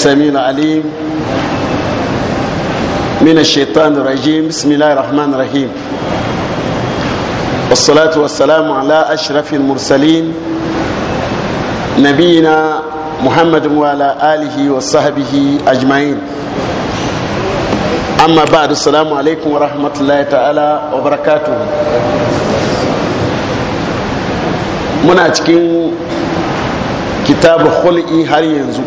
السميع العليم من الشيطان الرجيم بسم الله الرحمن الرحيم والصلاة والسلام على أشرف المرسلين نبينا محمد وعلى آله وصحبه أجمعين أما بعد السلام عليكم ورحمة الله تعالى وبركاته muna cikin kitabu hul'i har yanzu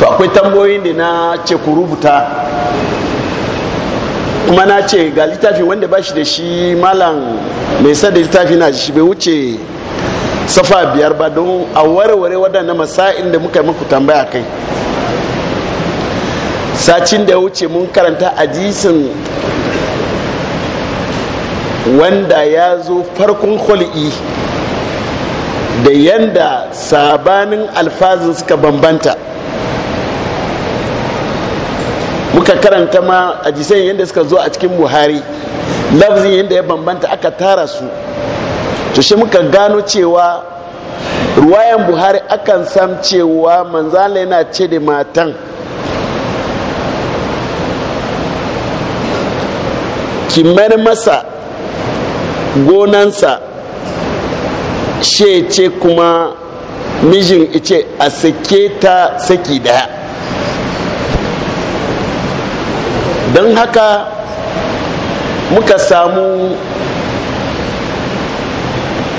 to akwai tambayoyin da na ce ku rubuta kuma na ce ga littafi wanda ba shi da shi malam mai sa da littafi na shi bai wuce safa biyar ba don a warware waɗanda masa'in da muka yi muku tambaya kai sacin da ya wuce mun karanta jisun wanda ya zo farkon kwali'i da yanda sabanin alfazin suka bambanta muka karanta ma a jisai yadda suka zo a cikin buhari lafzin yadda ya bambanta aka tara su to shi muka gano cewa ruwayan buhari akan sam cewa manzala yana ce da matan kimar masa gonansa she ce kuma mijin ice a sake ta saki daya don haka muka samu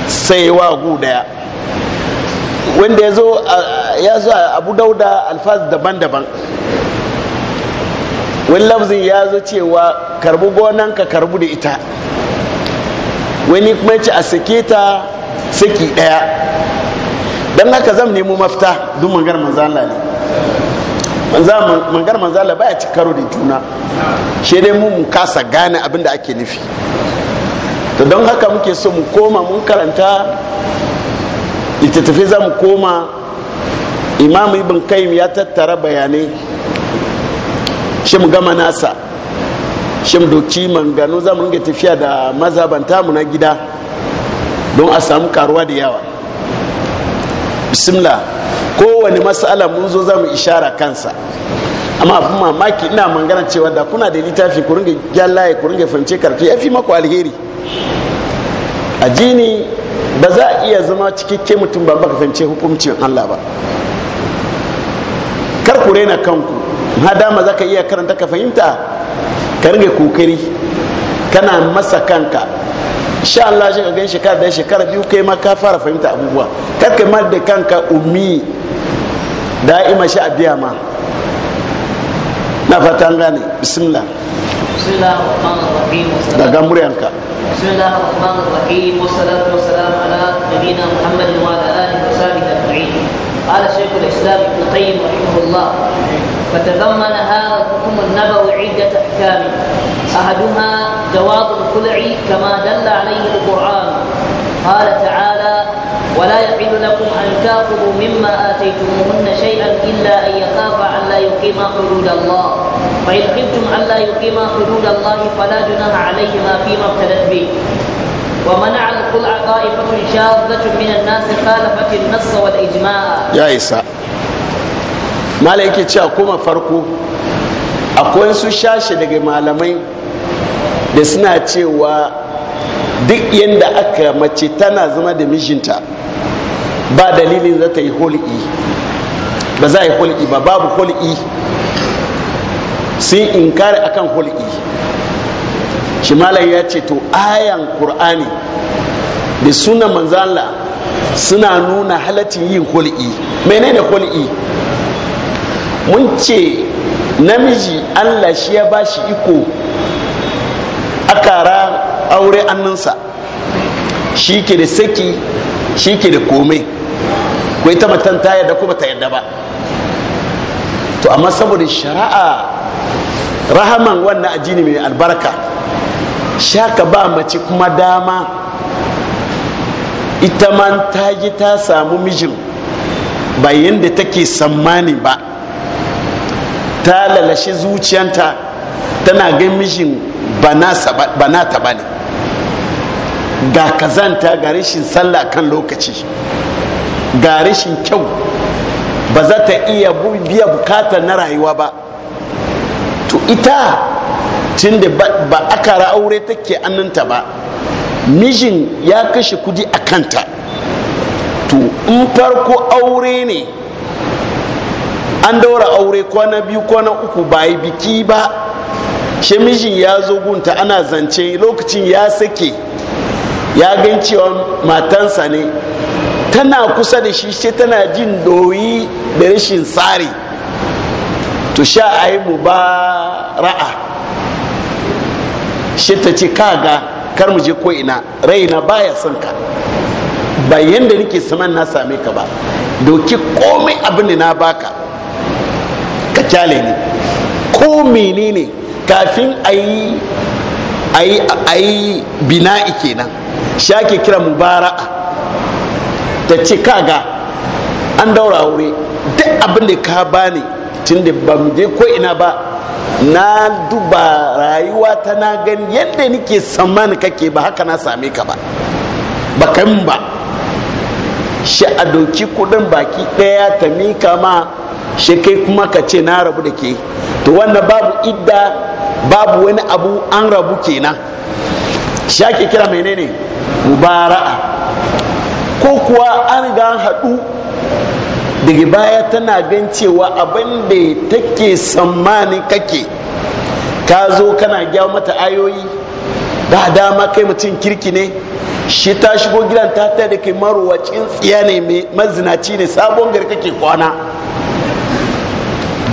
saiwa gudaya wanda ya zo a abu dauda alfaz daban-daban wani lafzin ya zo cewa karbu gonan ka karbu da ita wani kuma ce a sake ta saki daya don haka zan nemo mafita dun magar manzan ne manzan manzala baya ci karo da juna shi dai mu mun kasa gane abin da ake nufi to don haka muke so mu koma mun karanta littattafai za mu koma imamu ibn kayyim ya tattara bayanai shi mu gama nasa shi mu doki manganu za mu ringa tafiya da mazabanta mu na gida don a samu karuwa da yawa bismillah kowane matsala mun zo za mu ishara kansa amma abin mamaki ina mangana cewa da kuna da littafi ku ringa gyallaye ku ringa fahimce karfi ya fi maku alheri addini ba za a iya zama cikakke mutum ba baka fahimce hukuncin allah ba kar ku raina kanku ha dama za ka iya karanta ka fahimta ka ringa kokari kana masa kanka sha Allah shi ga gan shekara da shekara biyu kai ma ka fara fahimta abubuwa kar ka da kanka ummi da'ima shi a biya ma na fatan gane bismillah daga muryanka bismillah rahman rahim wa salatu wa salam ala nabina muhammadin wa alihi قال شيخ الاسلام ابن القيم رحمه الله فتضمن هذا الحكم النبوي عده احكام احدها جواز الخلع كما دل عليه القران قال تعالى ولا يحل لكم ان تاخذوا مما اتيتموهن شيئا الا ان يخافا لا يقيما حدود الله فان خفتم لا يقيما حدود الله فلا جناح عليهما فيما ابتلت به ومنع الخلع طائفة شاذة من الناس خالفت النص kuma farko akwai su shashi daga malamai da suna cewa duk yadda aka mace tana zama da mijinta ba dalilin za ta yi hul'i ba za a yi hul'i ba babu hul'i sun inkari akan hul'i shi malam ya ce to ayan Kur'ani da sunan manzala suna nuna halatin yin hul'i menene hul'i mun ce namiji allah shi ya bashi shi iko akara aure annansa shi ke da saki shi ke da komai Ko ta matan ta yarda kuma ta yarda ba to amma saboda shari'a rahaman wannan ajini mai albarka shaka ba mace kuma dama ita ma ta ji ta samu mijin ba yadda take sammani ba ta lalashe zuciyanta tana gan mijin ba ta ba ne ga kazanta ga rashin sallah kan lokaci ga rashin kyau ba za ta iya biya bukata na rayuwa ba to ita tun da ba kara aure take annanta ba mijin ya kashe kudi a kanta to in farko aure ne an daura aure kwana biyu kwana uku ba yi biki ba shi mijin ya zo gunta ana zance lokacin ya sake ya gan cewa matansa ne tana kusa da shi sai tana jin doyi da rashin tsari to sha a yi mu ba ra'a shi ta ce kaga kar mu je ko ina raina baya son ka ba yanda nake saman na same ka ba doki komai abin da na baka ka kyale ni ko menene kafin a yi bina bina'i kenan shi ake kira mubara'a ta ce kaga an daura aure duk abin da ka bani tun da ba mu je ko ina ba na duba rayuwa ta na gani yadda nike saman kake ba haka na same ka ba ba kan ba shi a doki kudin baki daya ta mika ma shi kai kuma ka ce na rabu da ke to wannan babu idda babu wani abu an rabu kenan shi ake kira menene mubara'a ko kuwa an ga haɗu daga baya tana gan cewa abin da take tsammanin kake ka zo kana gyawa mata ayoyi da dama kai mutum kirki ne shi ta shigo gidan ta ta da kai marowacin tsiya ne mai mazinaci ne sabon gari kake kwana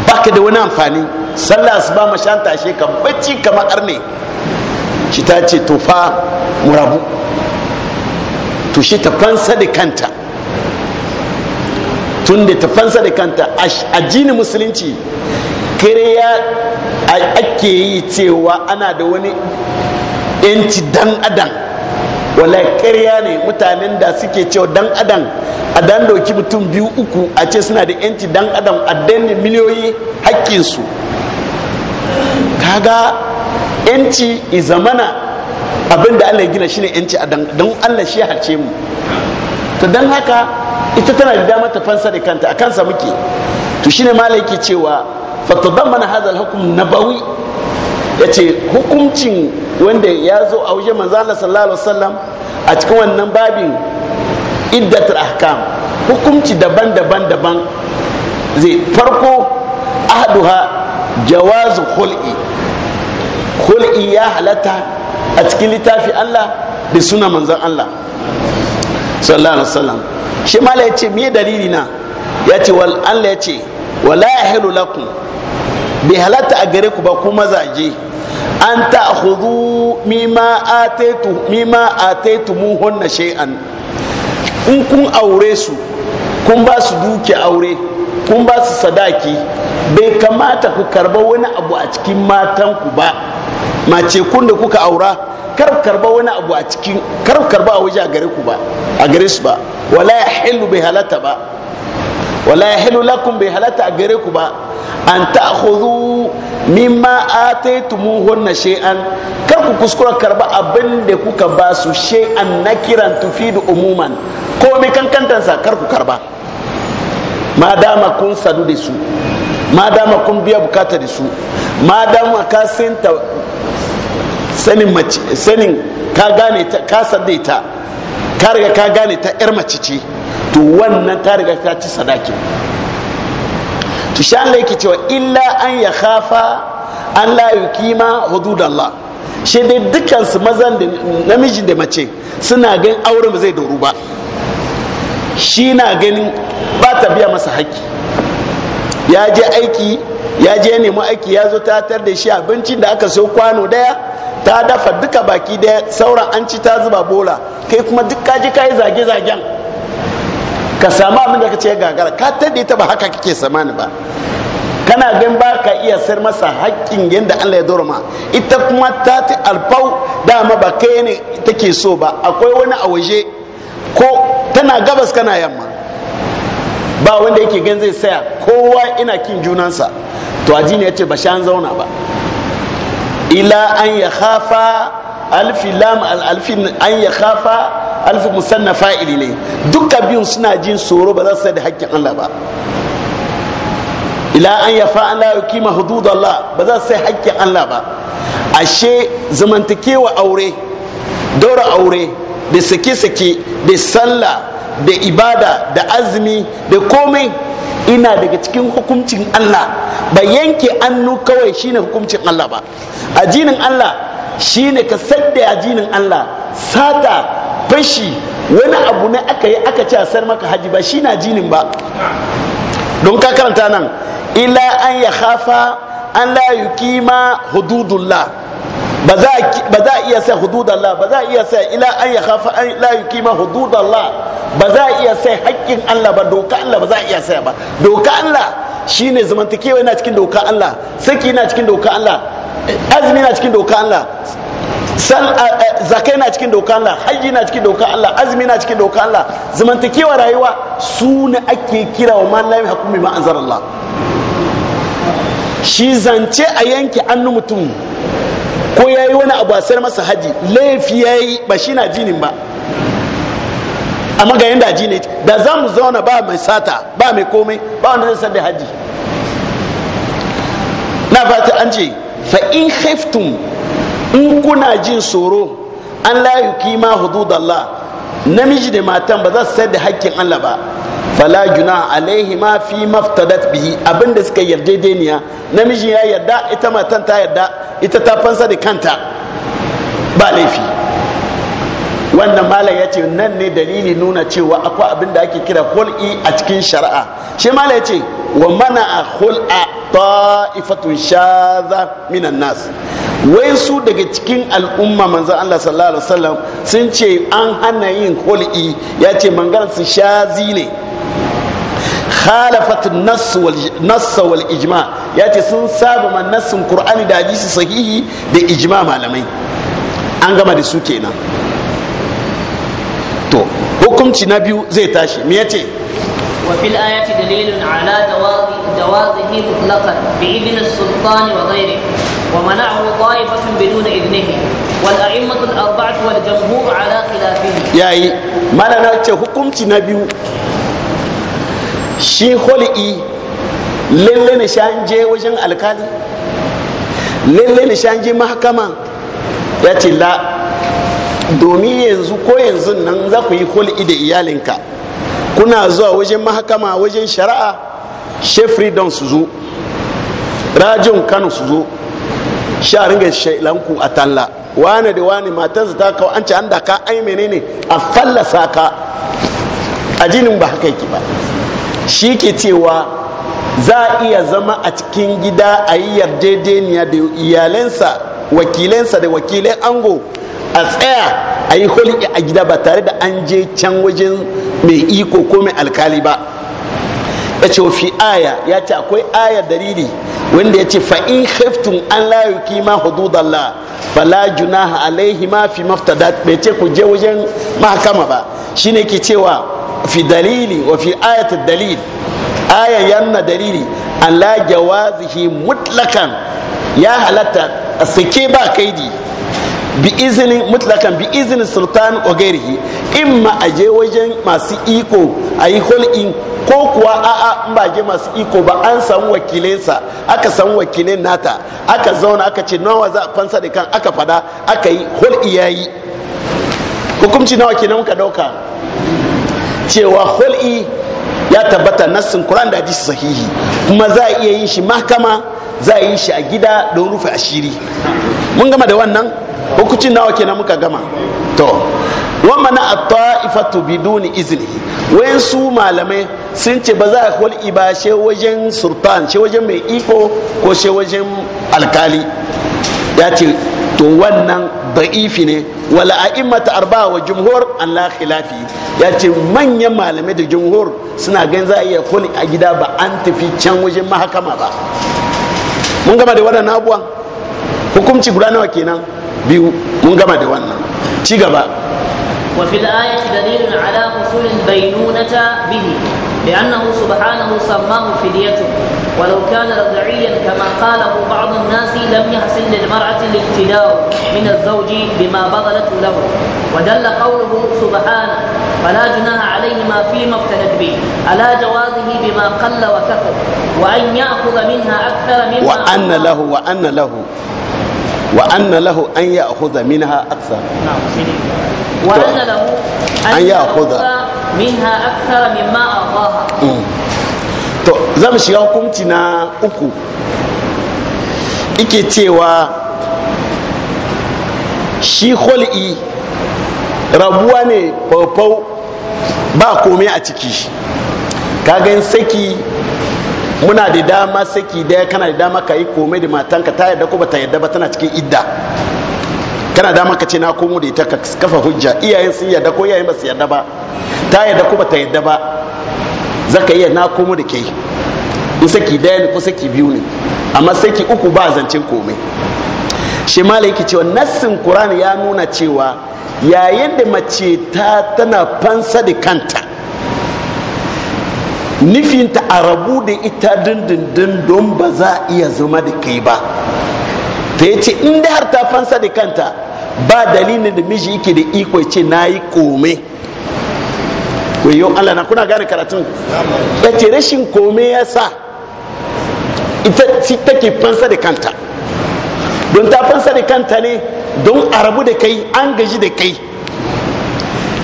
baka da wani amfani sallah ba mashanta tashe ka bacci kamar ne shi ta ce to murabu to shi ta fansa da kanta tun da tafansa da kanta addinin musulunci kariya ake yi cewa ana da wani yanci dan adam wala kariya ne mutanen da suke cewa dan adam a dan dauki mutum biyu uku a ce suna da yanci dan adam a danne miliyoyi haƙƙinsu kaga yanci izamana abinda allah gina ne yanci a dan allah shi harce mu to dan haka ita tana da damar ta fansa da kanta a kansa muke to shine malai yake cewa fatadammana hadha hadal hukm nabawi yace hukuncin wanda ya zo a wajen manzo Allah sallallahu alaihi wasallam a cikin wannan babin iddatul ahkam hukunci daban-daban daban zai farko ahduha jawazu khul'i khul'i ya halatta a cikin littafi Allah da sunan manzon Allah sallallahu alaihi wasallam shi mala yace me dalili na ya ce wal Allah yace wala yahlu lakum bi halatta a gare ku ba ku mazaje an ta'khudhu mimma ataitu mimma ataitu muhunna shay'an in kun aure su kun ba su duke aure kun ba su sadaki bai kamata ku karba wani abu a cikin matan ku ba mace kun da kuka aura kar karba wani abu a cikin kar karba a waje a gare ku ba a gare su ba wala ya hilu bai halata ba wala ya hilu lakum bai halata a gare ku ba an ta'khudhu mimma ataytumuhunna she'an. kar ku kuskura karba abin da kuka ba su na kiran tufi tufidu umuman komai kankantansa kar ku karba ma dama kun sadu da su ma dama kun biya bukata da su ma dama ka senta sanin mace sanin ka gane ta ka ita ka riga ka gane ta yar mace ce to wannan ka riga ka ci sadakin to sha Allah yake cewa illa an ya khafa an la yukima hududallah shi dai dukkan su mazan da namijin da mace suna gan auren ba zai doru ba shi na ganin ba ta biya masa haƙƙi ya je aiki ya je nemi aiki ya zo ta tar da shi abincin da aka so kwano daya ta dafa duka baki daya sauran an ci ta zuba bola kai kuma duk ka ji yi zage zagen ka samu abin da ka ce gagara ka tada ta ba haka kake samani ba kana gan ba ka iya sayar masa haƙƙin yadda Allah ya dorama ita kuma ta ta alfau dama ba kai ne take so ba akwai wani a waje ko tana gabas kana yamma ba wanda yake gan zai saya kowa ina kin junansa to ajini ya ce ba an zauna ba ila an ya khafa alfi lam alfi an ya khafa alfi musanna fa'ili ne duka biyun suna jin tsoro ba za su da haƙƙin Allah ba ila an ya fa ma ya da hududallah ba za su sai hakkin Allah ba ashe zamantakewa aure daura aure da sake-sake da sallah da ibada da azumi da komai ina daga cikin hukuncin Allah ba yanke annu kawai shine hukuncin Allah ba ajinin Allah shine ka sadda ajinin Allah sata fashi wani abu ne aka yi aka ce sar maka haji ba shine ajinin ba don ka karanta nan ila an ya khafa an la yuqima hududullah ba za a iya sa Allah ba za a iya sai ila an ya khafa an la yukima Allah ba za a iya sai haƙƙin Allah ba doka Allah ba za a iya sai ba doka Allah shine zamantakewa yana cikin doka Allah saki yana cikin doka Allah azmi yana cikin doka Allah zakai na cikin doka Allah haji na cikin doka Allah azmi na cikin doka Allah zamantakewa rayuwa su ne ake kira wa man hukumi yahkum bi ma'azarallah shi zance a yanke annu mutum ko ya yi wani abu a sayar masa haji laifi ya yi ba shi na jinin ba amma ga yadda ji ne da za mu zauna ba mai sata ba mai komai ba wanda zai da haji na fata an ce fa in khiftum in kuna jin tsoro an hudu da hududallah namiji da matan ba za su sayar da hakkin Allah ba fala juna alaihi ma fi maftadat bihi abinda suka yarjejeniya namiji ya yarda ita matan ta yarda ita ta fansa da kanta ba laifi wannan malam ya ce nan ne dalili nuna cewa akwai abin da ake kira hul'i a cikin shari'a shi malam ya ce wa mana a hul'a ta'ifatun shaza minan nas wai su daga cikin al'umma manzan Allah sallallahu alaihi wasallam sun ce an hana yin hul'i ya ce mangaran su shazi ne khalafat nassa wal ijma ya ce sun saba man nassin qur'ani da hadisi sahihi da ijma malamai an gama da su kenan hukunci na biyu zai tashi me yace wa fil ayati dalilun ala dawazi dawazihi mutlaqan bi idni sultan wa ghayrihi wa mana'ahu ta'ifatun bidun idnihi wal a'immatu al arba'atu wal jamhur ala khilafihi yayi na ce hukunci na biyu shi holi'i lalle ne shan wajen alkali lalle ne shan mahakama ya ce la domin yanzu ko yanzu nan za ku yi hulɗi da iyalinka kuna zuwa wajen mahakama wajen shari'a freedom su zo rajin kano su zo sha ringa shailanku a talla wane da wane su ta kawo an ce an da ka ai menene a fallasa ka a jinin ba haka yake ba shi ke cewa za a iya zama a cikin gida a yi yarjejeniya da iyalansa wakilensa da wakilen ango a tsaya a yi holki a gida ba tare da an je can wajen mai iko ko mai alkali ba ya ce fi aya ya ce akwai aya dalili wanda ya ce fa'in haftun an layu kima hududallah fala junaha alaihi ma fi maftada bai ce ku je wajen mahakama ba shine ke cewa fi dalili wa fi ayatul dalil aya yanna dalili an la jawazihi mutlakan ya halatta a sake ba kaidi bi izinin mutlakan bi izinin sultan wa in ma a je wajen masu iko a yi hulɗin ko kuwa a'a a ba je masu iko ba an samu wakilinsa aka samu wakilin nata aka zauna aka ce nawa za a fansa da kan aka fada aka yi hulɗi ya yi hukunci nawa kenan muka dauka cewa hulɗi ya tabbata nassin kuran da hadisi sahihi kuma za a iya yin shi mahkama za a yi shi a gida don rufe ashiri mun gama da wannan hukucin nawa kenan muka gama to wan mana at biduni izini wayan su malamai sun ce ba za a kwal iba she wajen sultan she wajen mai iko ko she wajen alkali ya ce to wannan da'ifi ne wala a a'immata arba wa jumhur an la khilafi ya ce manyan malamai da jumhur suna ganin za a iya kwal a gida ba an tafi can wajen mahakama ba mun da wannan abuwan hukumci guda nawa kenan biyu mun da wannan ci gaba wa fil ayati dalilun ala husul ta bihi bi annahu subhanahu sammahu fidiyatu wa law kana radiyan kama qala ba'd an-nasi lam yahsin lil mar'ati al-ijtida'u min az-zawji bima badalat lahu wa dalla qawluhu subhanahu fala junaha alayhi ma fi maftanat bihi ala jawazihi بما قل وكثر وأن يأخذ منها أكثر مما وأن له وأن له وأن له أن يأخذ منها أكثر وأن له أن يأخذ منها أكثر مما to za mu shiga hukunci na uku ike cewa shi hul'i rabuwa ne babau ba komai a ciki kagan saki muna da dama saki daya kana da dama ka yi kome da matanka ta yadda ko ba ta yadda ba tana cikin idda kana dama ka ce na komo da ita ka kafa hujja iyayen sun yadda ko iyayen ba su yadda ba ta yadda ko ba ta yadda ba za ka iya na komo da ke in saki daya ne ko saki biyu ne amma saki uku ba zancen komai shi laiki cewa nassin qur'ani ya nuna cewa yayin da mace ta tana fansa da kanta nufinta a rabu da ita dindindin don ba za a iya zama da kai ba ta yi ce inda har ta fansa da kanta ba dalilin da miji yake da iko ce na yi kome wayo allah na kuna gane karatun ya ce rashin kome ya sa ita take fansa da kanta don ta fansa da kanta ne don a rabu da kai an gaji da kai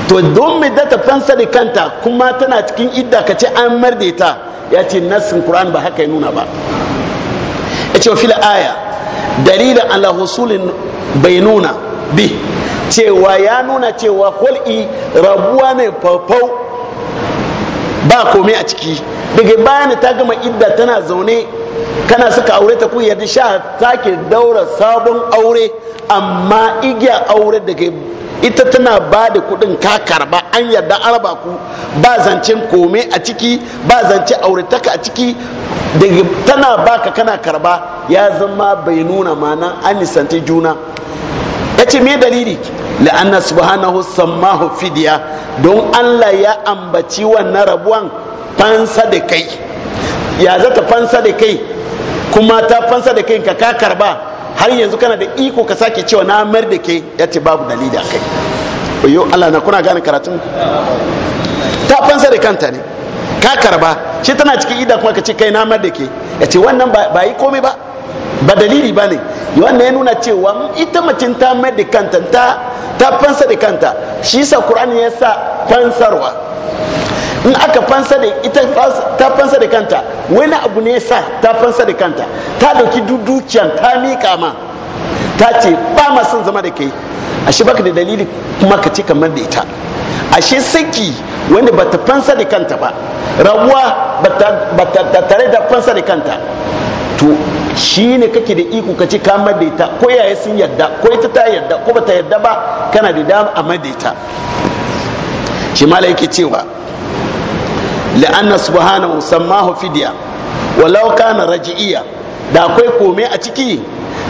to don mai da ta fansa da kanta kuma tana cikin idda ka ce an marde ta ya ce nassin qur'an ba haka ya nuna ba ya ce fil aya dalilin ala husulin bai nuna bi cewa ya nuna cewa kul'i rabuwa ne faufau ba komai a ciki daga bayan ta gama idda tana zaune kana suka aure ta ku yadda sha take daura sabon aure amma igiya aure daga ita tana ba da kudin ka karba an yarda araba ku ba zancen kome a ciki ba zance auretaka a ciki daga tana baka kana karba ya zama bai nuna mana an nisanci juna ya ce me dalili la'anna subhanahu sammahu fidiya don allah ya ambaci wannan rabuwan fansa da kai ya za ta fansa da kai kuma ta fansa da kai ka ka karba har yanzu kana da iko ka sake cewa na mayar da ke ya ce babu dalili a kai oyo allah na kuna gane karatun ta fansa da kanta ne ka karba shi tana cikin ida kuma ka ce kai na mayar da ke ya ce wannan ba yi komai ba ba dalili ba ne wannan ya nuna cewa ita macin ta mayar da kanta ta fansa da kanta shi sa qur'ani ya sa fansarwa in aka fansa da ita ta fansa da kanta wani abu ne sa ta fansa da kanta ta dauki dukiyan ta mika ma ta ce ba ma son zama da kai ashe baka da dalili kuma ka ce kamar da ita ashe saki wani ba ta fansa da kanta ba rabuwa ba ta tare da fansa da kanta to shi ne kake da iko ka ce ka madaita ko yaya sun yadda ko ita ta yadda ko ba ta yadda ba kana da dama a madaita shi mala yake cewa la'anna subhanahu sammahu fidya walau kana raji'iya da akwai kome a ciki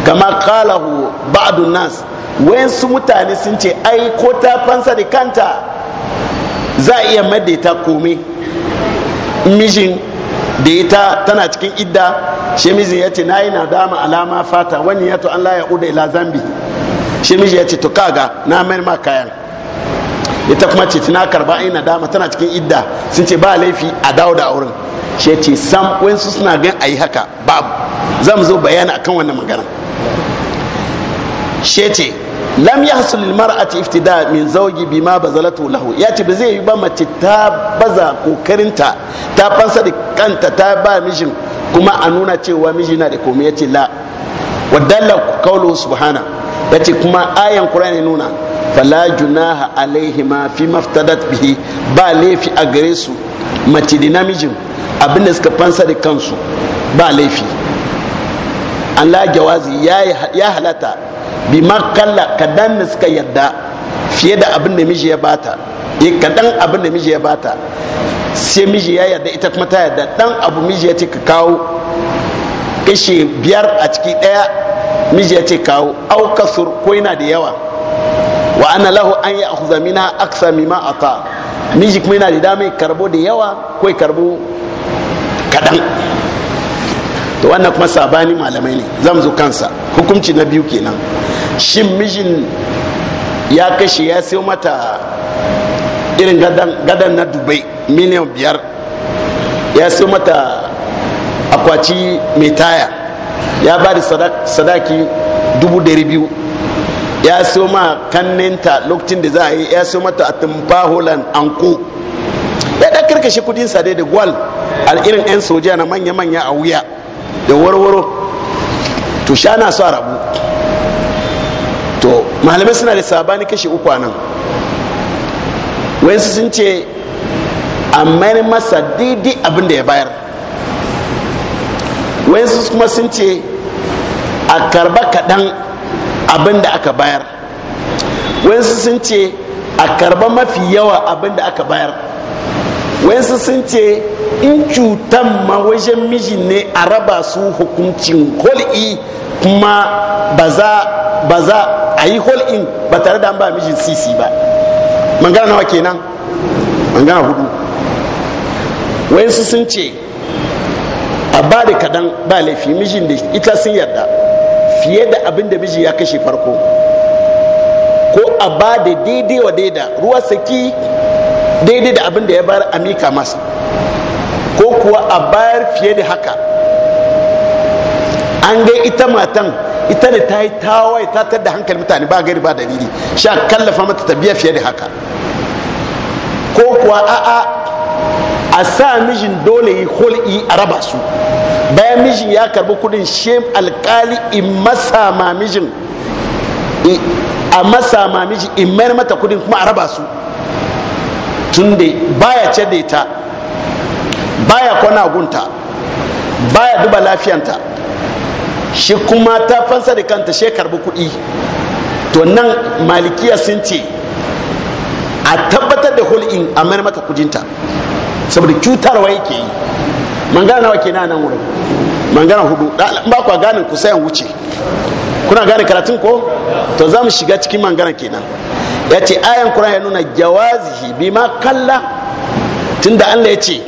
kama kalahu ba'dun nas wayansu mutane sun ce ai ko ta fansa da kanta za a iya madaita kome mijin da ita tana cikin idda shi mijin ya ce na yi nadama alama fata wani ya to an ya uda ila zambi shi mijin ya ce to kaga na mayar ma kayan ita kuma ce tana karba ina dama tana cikin idda sun ce ba laifi a dawo da auren shi ce sam wayansu suna gan a yi haka babu zan zo bayani akan wannan magana shi ce lam yahsul a mar'ati iftida min ma ba bazalatu lahu ya ce ba zai yi ba mace ta baza kokarinta ta fansa da kanta ta ba mijin kuma a nuna cewa miji na da komai ya ce la wadalla qawluhu subhana. yace kuma ayan qur'ani nuna fala junaha alaihima fi maftadat bihi ba laifi a gare su mace da namijin abinda suka fansa da kansu ba laifi an la jawazi ya halata bi makalla kadan da suka yadda fiye da abin da miji ya bata e kadan abin da miji ya bata sai miji ya yadda ita kuma ta yadda dan abu miji ya ce ka kawo kashe biyar a ciki daya miji ya ce kawo aukasur ko yana da yawa wa ana lahu an yi akhudha mina aksa a ta miji kuma yana da dama karbo da yawa ko karbo kadan to wannan kuma sabani malamai ne zan zo kansa hukunci na biyu kenan shin mijin ya kashe ya sayo mata irin gadan na dubai miliyan biyar ya sayo mata akwaci mai taya ya ba da sadaki dubu dari biyu ya so ma kanninta lokacin da za a yi ya so mata a tumfa holland anko ya ɗan karkashe kudin sa da gwal al'irin 'yan soja na manya-manya a wuya da warwaro to sha na so a rabu to malamai suna da sabani kashe uku nan wayansu sun ce a mayar masa daidai abin da ya bayar wayansu kuma sun ce a karba kaɗan abin da aka bayar wayansu sun ce a karba mafi yawa abin da aka bayar wayansu sun ce in cutan ma wajen mijin ne a raba su hukuncin hol'i kuma ba za a yi hol'in ba tare da an ba mijin sisi ba mangana nawa kenan mangana hudu wayansu sun ce a ba da kadan ba laifi mijin da ita sun yarda fiye da abin da miji ya kashe farko ko a ba da daidai wa daida ruwa saki daidai da abin da ya bayar amika masa ko kuwa a bayar fiye da haka an ga ita matan ita da ta yi tawaye ta tada hankali mutane ba gari ba dalili sha kallafa mata ta biya fiye da haka ko kuwa a'a a sa mijin dole yi hul'i a raba su bayan mijin ya karbi kudin shem alkali in masa ma mijin a masa ma miji in mayar mata kudin kuma a raba su tun da baya ce da ta, baya kwana gunta baya duba lafiyanta shi kuma ta fansa da kanta shi karbi kudi to nan malikiya sun ce a tabbatar da hul'in a mayar mata kudinta saboda cutarwa yake yi mangana nawa ke nan wurin mangana hudu ba kwa ganin ku sayan wuce kuna gane karatun ko to za mu shiga cikin mangana kenan ya ce ayan kuran ya nuna jawazihi bi ma kalla tunda allah ya ce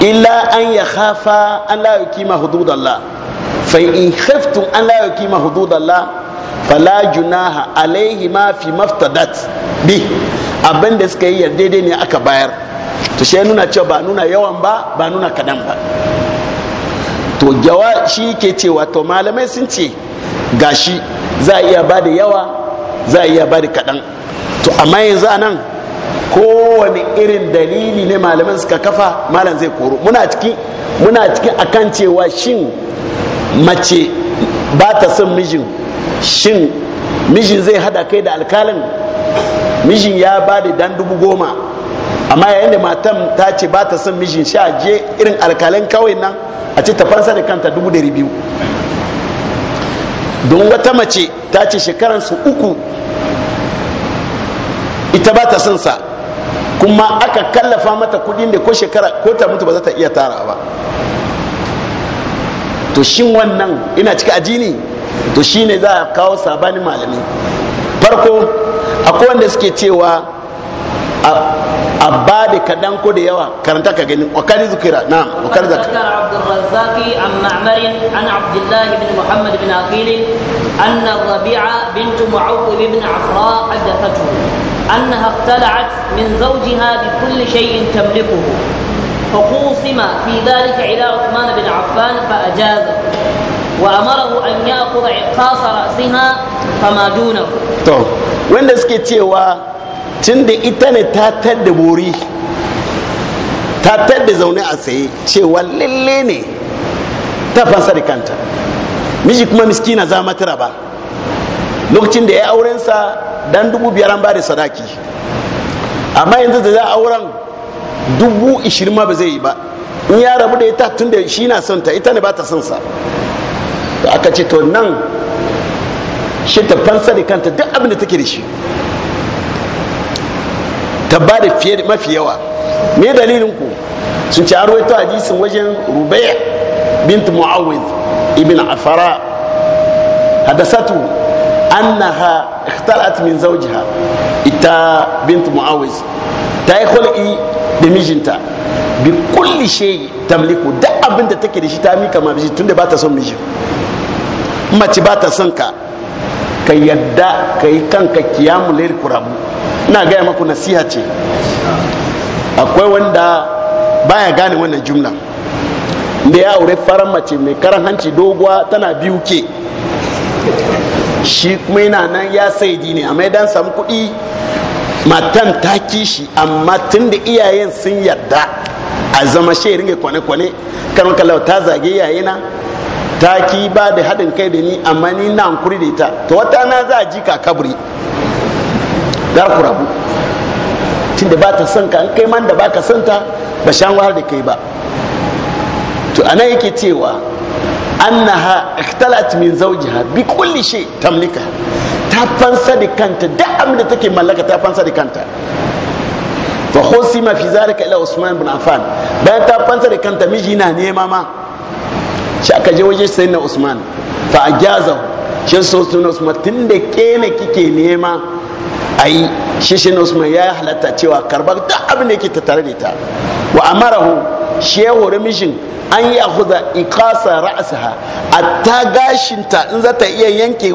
illa an ya hafa an la yukima hududallah fa in khaftum an la yukima hududallah fala junaha alaihi ma fi maftadat bi abinda suka yi daidai ne aka bayar to shi nuna cewa ba nuna yawan ba ba nuna kadan ba to jawa shi ke cewa to malamai sun ce gashi za a iya ba da yawa za a iya ba da kadan to amma yanzu a nan kowane irin dalili ne malaman suka kafa malam zai koro muna cikin muna cikin akan cewa shin mace ba ta son mijin shin mijin zai hada kai da alkalin mijin ya ba da dan dubu goma amma yayin da matan ta ce ba ta son mijin sha je irin alkalin kawai nan a ce ta fansa da kanta dubu dari biyu don wata mace ta ce shekaran su uku ita ba ta son sa kuma aka kallafa mata kudin da ko shekara ko ta mutu ba za ta iya tara ba to shin wannan ina cika ne to shine za a kawo sabanin malami farko akwai wanda suke cewa abba da kadan ko da yawa karanta ka gani wa kari zukira na wa kari zaka abdurrazzaqi an ma'mar an abdullah bin muhammad bin aqil an rabi'a bint mu'awwid bin afra hadathatu annaha iqtala'at min zawjiha bi kulli shay'in tamlikuhu فقوسم في ذلك إلى عثمان بن عفان فأجازه وأمره أن يأخذ عقاص رأسها فما دونه. طب وين سكتي tun da ita ne ta tadda bori ta tadda zaune a tsaye cewa lalle ne ta fansa da kanta miji kuma miskina za matara ba lokacin da ya aurensa dan dubu biyar an ba da sadaki amma yanzu da za a auren dubu ishirin ma ba zai yi ba in ya rabu da ita tun da shi na son ta ita ne ba ta son sa da aka ce to nan shi ta fansa da kanta duk abin da take da shi ta fiye da fiye mafi yawa me dalilin ku sun ci an hadisin wajen rubaya bint mu'awid ibn afara hadasatu annaha ikhtalat min zawjiha ita bint mu'awid ta yi hulɗi da mijinta bi kulli shay tamliku da abin da take da shi ta mika ma miji tunda ba ta son miji mace ba ta son ka ka yadda ka yi kanka kiyamu lail kurabu ina gaya maku nasiha ce akwai wanda baya gane wannan jumla da ya aure faran mace mai karan hanci doguwa tana biyu ke shi kuma yana nan ya saidi ne amma idan samu kuɗi matan ta kishi amma tun da iyayen sun yarda a zama shi ringe kwane-kwane kan kalau ta zage iyayena ta ki ba da haɗin kai da ni amma ni na hankuri da ita to wata na za a ji ka kabri da ku rabu da ba ta son ka an kai man da ba ka son ta ba shan wahar da kai ba to ana yake cewa ha ikhtalat min ha bi kulli shi tamlika ta fansa da kanta da abin da take mallaka ta fansa da kanta fa ma fi zalika ila usman ibn affan bayan ta fansa da kanta miji na nema ma shi aka je waje sayyidina usman fa ajazahu shi so na usman tunda kene kike nema Ayi shi shi usman ya halatta cewa karbar duk abin da yake tattare da ita wa amarahu shi ya hori mishin an yi ahuza ikasa ra'asaha a ta gashinta in za ta iya yanke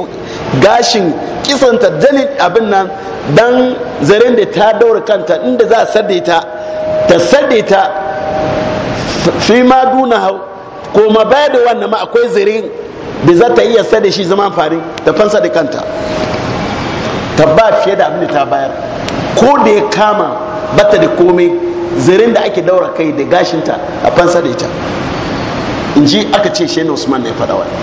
gashin kisanta zani abin nan dan zaren da ta daura kanta inda za a sadde ta ta ita fi ma duna hau ko ma baya da wannan ma akwai zaren da za ta iya sadde shi zama amfani da fansa da kanta ta ba fiye da abin da ta bayar ko da ya kama bata da komai zirin da ake daura kai da gashinta a fansa da ita in ji aka ce shi ne usman da ya faɗa wani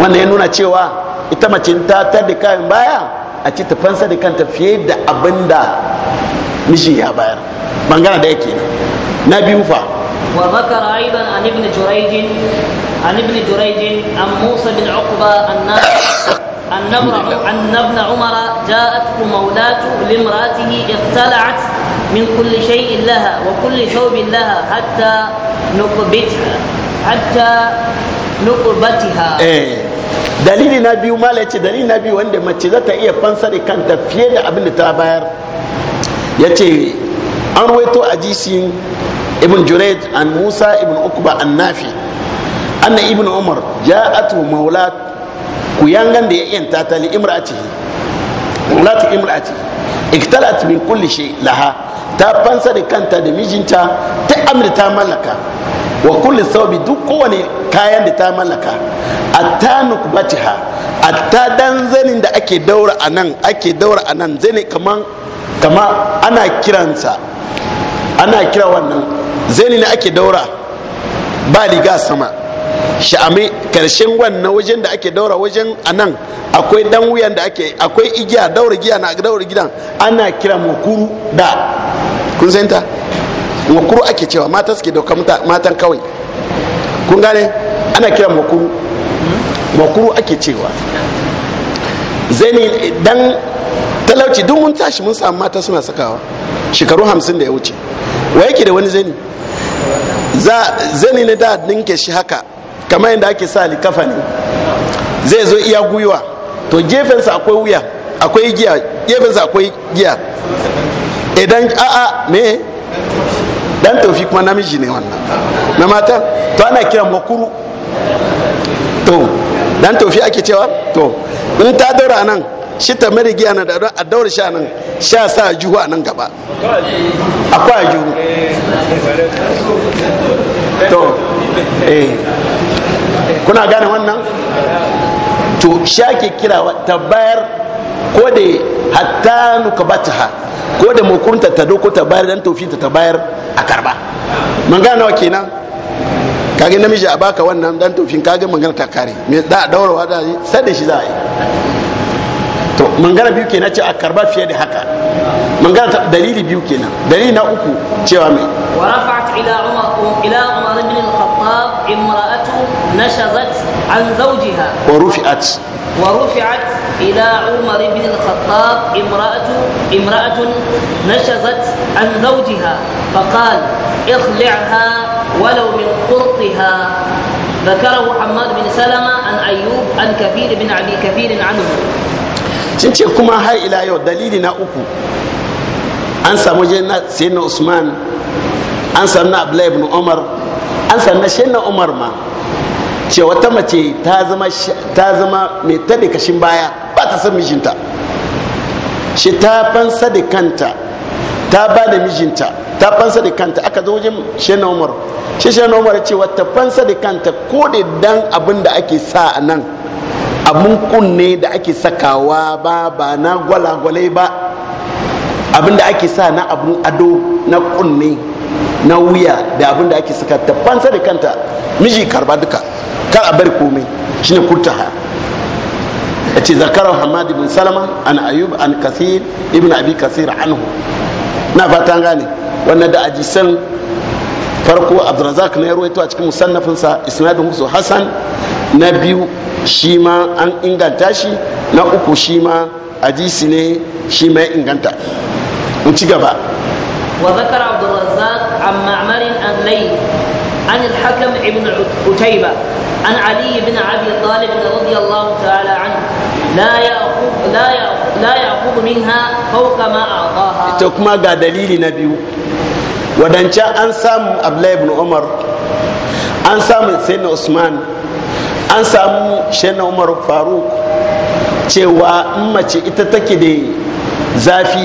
wannan ya nuna cewa ita mace ta tar da kayan baya a ci ta fansa da kanta fiye da abin da mishin ya bayar bangana da yake na biyu fa وذكر أيضا عن ابن جريج عن ابن جريج عن موسى بن عقبة الناس أن ابن عمر جاءته مولاته لامرأته اختلعت من كل شيء لها وكل شوب لها حتى نقبتها حتى نقبتها dalili na biyu mala ce dalili na biyu wanda mace za iya fansare kanta fiye da abinda ta bayar ya ce an ruwaito a ibn junaid an musa ibn nafi ibn umar ku yangan da ya yanta ta li imra'atihi latu imra'ati iktalat min kulli shay laha ta fansa da kanta da mijinta ta amrita mallaka wa kulli saubi duk kowane kayan da ta mallaka atta a atta dan zanin da ake daura anan ake daura anan zane kaman kama ana kiransa ana kira wannan zani ne ake daura ba riga sama sha'ame karshen wannan wajen da ake daura wajen a nan akwai dan wuyan da ake akwai igiya daura giya na daura gidan ana kira mukuru da kun san ta mukuru ake cewa mata suke dauka matan kawai kun gane ana kira mukuru mukuru ake cewa zani dan talauci duk mun tashi mun samu mata suna sakawa shekaru hamsin da ya wuce wa yake da wani zani zani na da ninke shi haka kamar yadda ake sa likafa ne zai zo iya gwiwa to gefensa akwai wuya akwai giya gefensa akwai giya idan a'a me dan tofi kuma namiji ne wannan na mata to ana kira makuru to dan tofi ake cewa to in ta daura nan shi ta mara giya na da a daura sha nan sha sa juhu a nan gaba a akwai juhu to eh kuna gane wannan to sha ke kira ta bayar ko da hatta nuka ha ko da mukunta ta doko ta bayar dan tofinta ta bayar a karba man gane wa kenan kage namiji a baka wannan dan tofin kage magana ta kare me da daurawa da sai da shi za a yi to mangana biyu kenan ce a karba fiye da haka mangana dalili biyu kenan dalili na uku cewa mai ورفعت إلى عمر إلى عمر بن الخطاب امرأته نشزت عن زوجها ورفعت ورفعت إلى عمر بن الخطاب امرأة امرأة نشزت عن زوجها فقال اخلعها ولو من قرطها ذكره حماد بن سلمة عن أيوب عن كثير بن أبي كثير عنه sun ce kuma har ila yau dalili na uku an samu na sayyidina usman an samu na abdullahi ibn umar an samu na sayyidina umar ma ce wata mace ta zama mai ta da kashin baya ba ta san mijinta shi ta fansa da kanta ta ba da mijinta ta fansa da kanta aka zo wajen shena umar shi shena umar ce wata fansa da kanta ko da dan abin da ake sa a nan abun kunne da ake sakawa ba ba na gwalagwalai ba abinda ake sa na abun ado na kunne na wuya da abinda ake saka ta fansa da kanta miji karba duka kar a bari komai shine kurtaha yace zakara hamad ibn salama an ayub an kasir ibn abi kasir anhu na fatan gane wannan da ajisan farko abdurrazak na ya ruwaito a cikin musannafinsa isnaduhu hasan na biyu shi ma an inganta shi na uku shi ma hadisi ne shi mai inganta in ci gaba wa zakara abu razzaq an ma'amarin an lai an ilhakam ibn utaiba an ali ibn abin talib da rabbi allahu ta'ala an la ya kubu min ha fauka ma a ha ita kuma ga dalili na biyu wadancan an samu abu ibn umar an samu sai na usman an samu shaina umar faruk cewa in mace ita take da zafi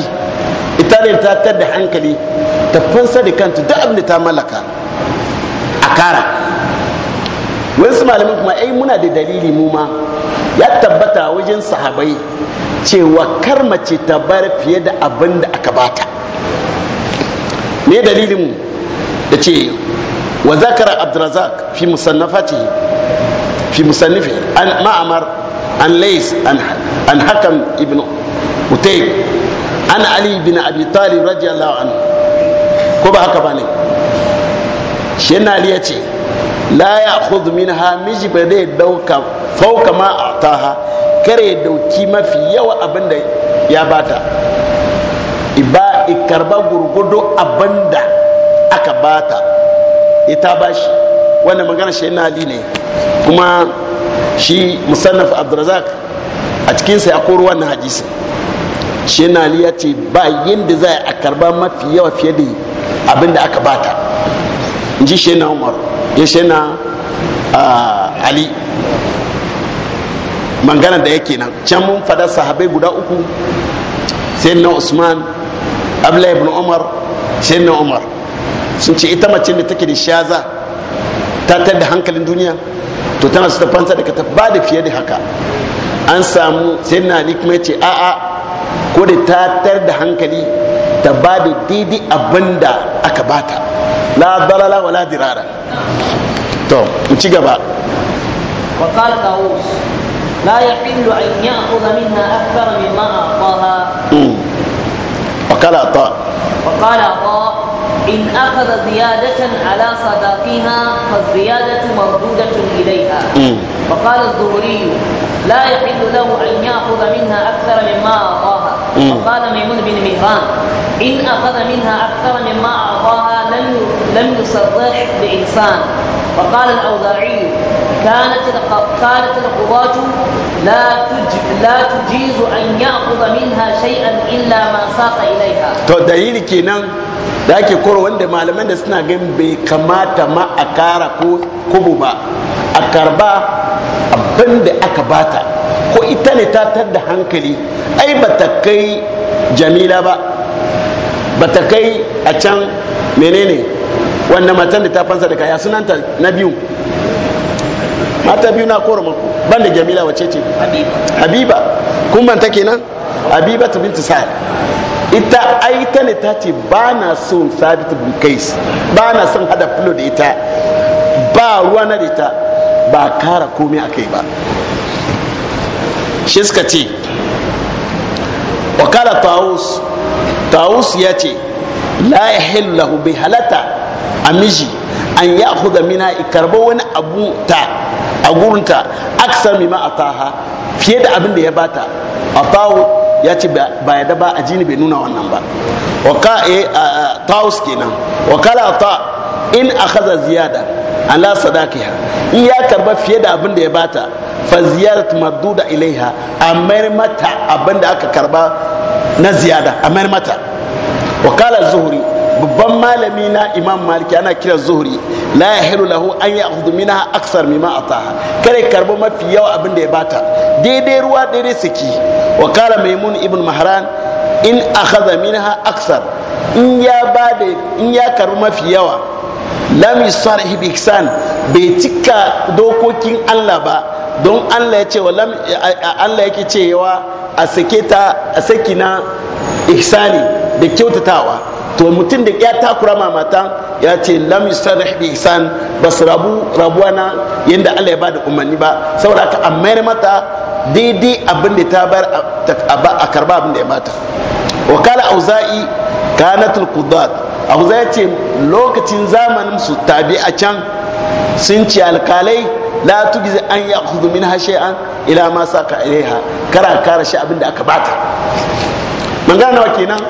ita ne ta tar da hankali ta fansa da kanta duk abin da ta mallaka a kara wasu malamin kuma ai muna da dalili mu ma ya tabbata wajen sahabai cewa kar mace ta bar fiye da abin da aka bata me dalilin mu da ce wa zakara abdurazak fi ce في مصنفه عن معمر عن ليس عن عن حكم ابن قتيب عن علي بن ابي طالب رضي الله عنه كوبا هكا شينا علي لا ياخذ منها مجي بده دوكا فوق ما اعطاها kare dauki mafi yawa abinda ya bata iba ikarba gurgudu abinda aka bata ita bashi wannan magana shi na ali ne kuma shi musannaf abdurazak a cikinsa ya koro wannan hadisi shi na ali ya ce ba yadda za a karba mafi yawa fiye da abin da aka bata in ji shi na umar ya shi na ali magana da yake nan can mun fada sahabai guda uku sai na usman abla ibn umar sai na umar sun ce ita mace da take da shaza ta da hankalin duniya to tana su tafansa da ka ta ba da fiye da haka an samu sai na ali kuma ce a'a ko da ta tar da hankali ta ba da daidai abin da aka bata la balala wala dirara to in ci gaba وقال طاووس ko يحل na يأخذ منها أكثر مما أعطاها وقال عطاء وقال ta إن أخذ زيادة على صداقها فالزيادة مردودة إليها وقال الزهري لا يحل له أن يأخذ منها أكثر مما أعطاها وقال ميمون بن مهران إن أخذ منها أكثر مما أعطاها لم لم يصرح بإنسان وقال الأوزاعي كانت كانت القضاة لا لا تجيز أن يأخذ منها شيئا إلا ما ساق إليها. تو دليل كينان da ake koro wanda malaman da suna gan bai kamata ma a kara ko kubu ba a karba abin da aka bata ko ita ne ta da hankali ai ba ta kai jamila ba ba ta kai a can menene wannan matan da ta fansa da kaya ta na biyu mata biyu na koro maku ban da jamila wace ce habiba kun ta kenan habiba ta binti sa'ad ita ai ta ne ta ce ba na son sabit bin kais ba na son hada filo da ita ba ruwa na da ita ba kara komai a kai ba shi suka ce wakala taus taus ya ce la ya lahu bai halata a miji an ya huda mina karba wani abu ta a gurinta aksar mima a taha fiye da abin da ya bata a tawo ya ce ba yadda ba a jini bai nuna wannan ba waka eh, a taus kenan wakala ta in a akhadha ziyada ala ha in ya karba fiye da abin da ya bata fa ziyarat madduda ilaiha mayar mata abin da aka karba na ziyada mayar mata kala zuhuri babban malami na imam maliki ana kira zuhri la ya helu lahu an ya'khudhu minha aksar a taha kare karbo mafi yawa abin da ya bata daidai ruwa daidai saki wa kala maimun ibn mahran in akhadha minha aksar in ya bada in ya karbi mafi yawa lam yusarih bi ihsan bai cika dokokin Allah ba don Allah ya ce wa lam Allah yake cewa a sake ta a saki na ihsani da kyautatawa to mutum da ya takura ma mata ya ce lam yusarrih bi ihsan bas rabu rabuwa na yanda Allah ya bada umarni ba saboda aka amma mata daidai abin da ta bar a karba abin da ya bata wakala auza'i kanatul qudat auza'i ce lokacin zamanin su tabi a can sun ci alkalai la tujzi an ya'khudhu minha shay'an ila ma saka ilaiha kara kara shi abin da aka bata man wa kenan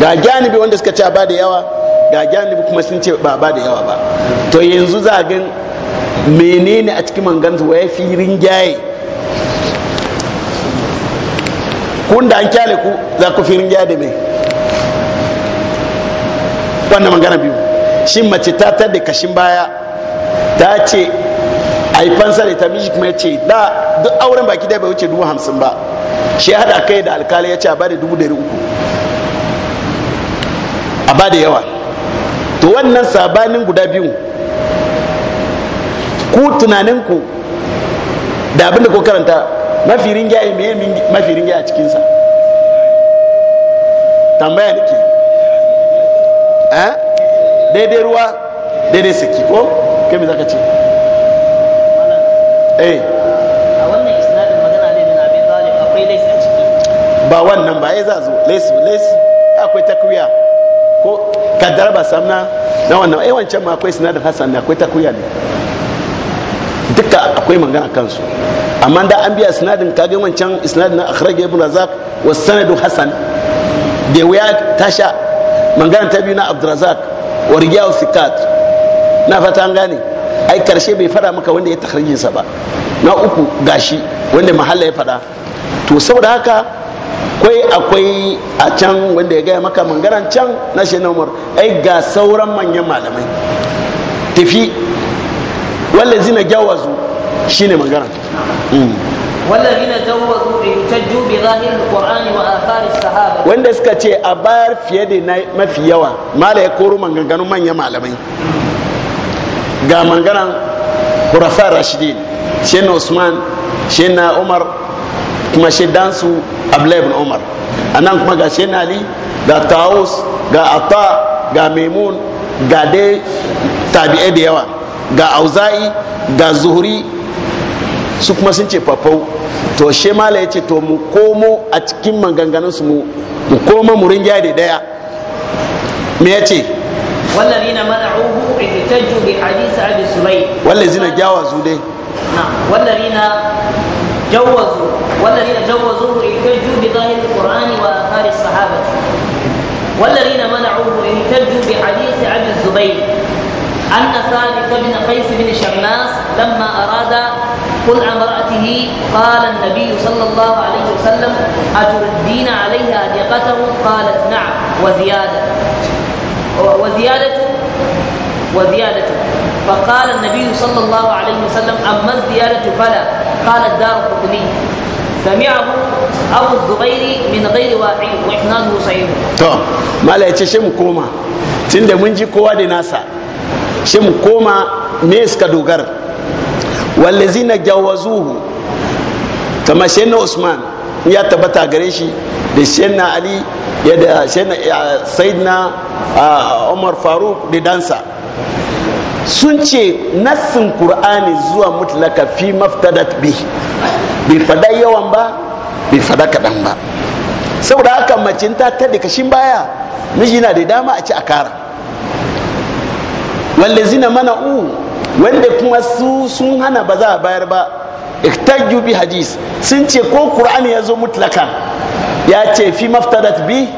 ga janibi wanda suka ce ba da yawa ga janibi kuma sun ce ba ba da yawa ba to yanzu za gan menene a cikin manganzu wa ya fi ringaye kun da an kyale ku za ku fi ringaye da mai wannan magana biyu shi mace ta tar da kashin baya ta ce a yi fansa da ta miji kuma ya ce da duk auren baki dai bai wuce dubu hamsin ba shi hada kai da alkali ya ce a bada dubu dari uku a ba da yawa to wannan sabanin guda biyu ku tunaninku da abin da ku karanta mafi ringiya yi mafi ringiya a cikinsa tambaya nake eh? daidai ruwa daidai saki ko kai me zaka ce eh a wannan isnadin magana ne na abin talib akwai lais a ciki ba wannan ba ya za zo lais lais akwai takwiya ko kaddara ba samna na wannan ai eh, wancan ma akwai sinadar hasan ne akwai takuya ne duka akwai magana kansu amma da an biya sinadin kage wancan isnadin na akhraj ibn razak wa sanadu hasan da waya tasha magana ta biyu na abdurazak wa riyaw sikat na fata an gane ai karshe bai fada maka wanda ya takhrijin sa ba na uku gashi wanda mahalla ya fada to saboda haka akwai akwai a can wanda ya gaya maka mangaran can na shi umar ai ga sauran manyan malamai tafi wanda zina gyawa zu shi ne mangaran wanda suka ce a bayar fiye da na mafi yawa mala ya koro maganganun manyan malamai ga mangaran kurasa rashidin shi na usman shi na umar kuma shi su abdullahi ibn umar a nan kuma ga shi Nali, ga taus ga ata ga maimun ga dai tabi'a da yawa ga auza'i ga zuhuri su kuma sun ce fafau to she mala ya ce to mu komo a cikin maganganun su mu koma mu ringa da daya me ya ce wallazina mana'uhu ihtajju bi hadith abi subayy wallazina jawazu dai wallazina jawazu والذين جوزوه احتجوا بظاهر القرآن وآثار الصحابة والذين منعوه احتجوا بحديث عبد الزبير أن ثابت بن قيس بن شماس لما أراد قلع امرأته قال النبي صلى الله عليه وسلم أتردين عليها ثقته قالت نعم وزيادة وزيادة وزيادة فقال النبي صلى الله عليه وسلم أما الزيادة فلا قال الدار قطني سمعه أبو الزبير to mala ya ce shi mu koma tunda mun ji kowa da nasa shi mu koma me suka dogara wallazina zuhu kama na usman ya tabbata gare shi da shenna ali ya da umar faruk da dansa sun ce nassin qur'ani zuwa mutlaka fi maftadat bi bai fada yawan ba bai fada kadan ba saboda haka mace ta ta da kashin baya miji na da dama a ci a kara mana mana'u wanda kuma su sun hana ba za a bayar ba iktajju bi hadis sun ce ko qur'ani ya zo mutlaka ya ce fi maftadat bi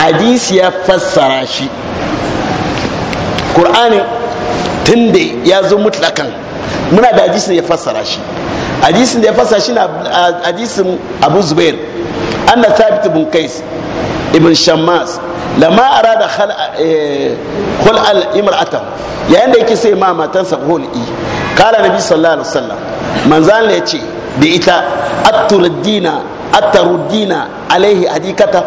hadis ya fassara shi qur'ani tun da ya zo mutlakan muna da hadisin ya fassara shi hadisin da ya fassara shi na hadisin abu zubair anna thabit bin kais ibn shammas ma'ara da eh, khul al ata yayin da yake sai ma matansa i kala nabi sallallahu alaihi wasallam manzan ya ce da ita atturdina attaruddina alaihi adikata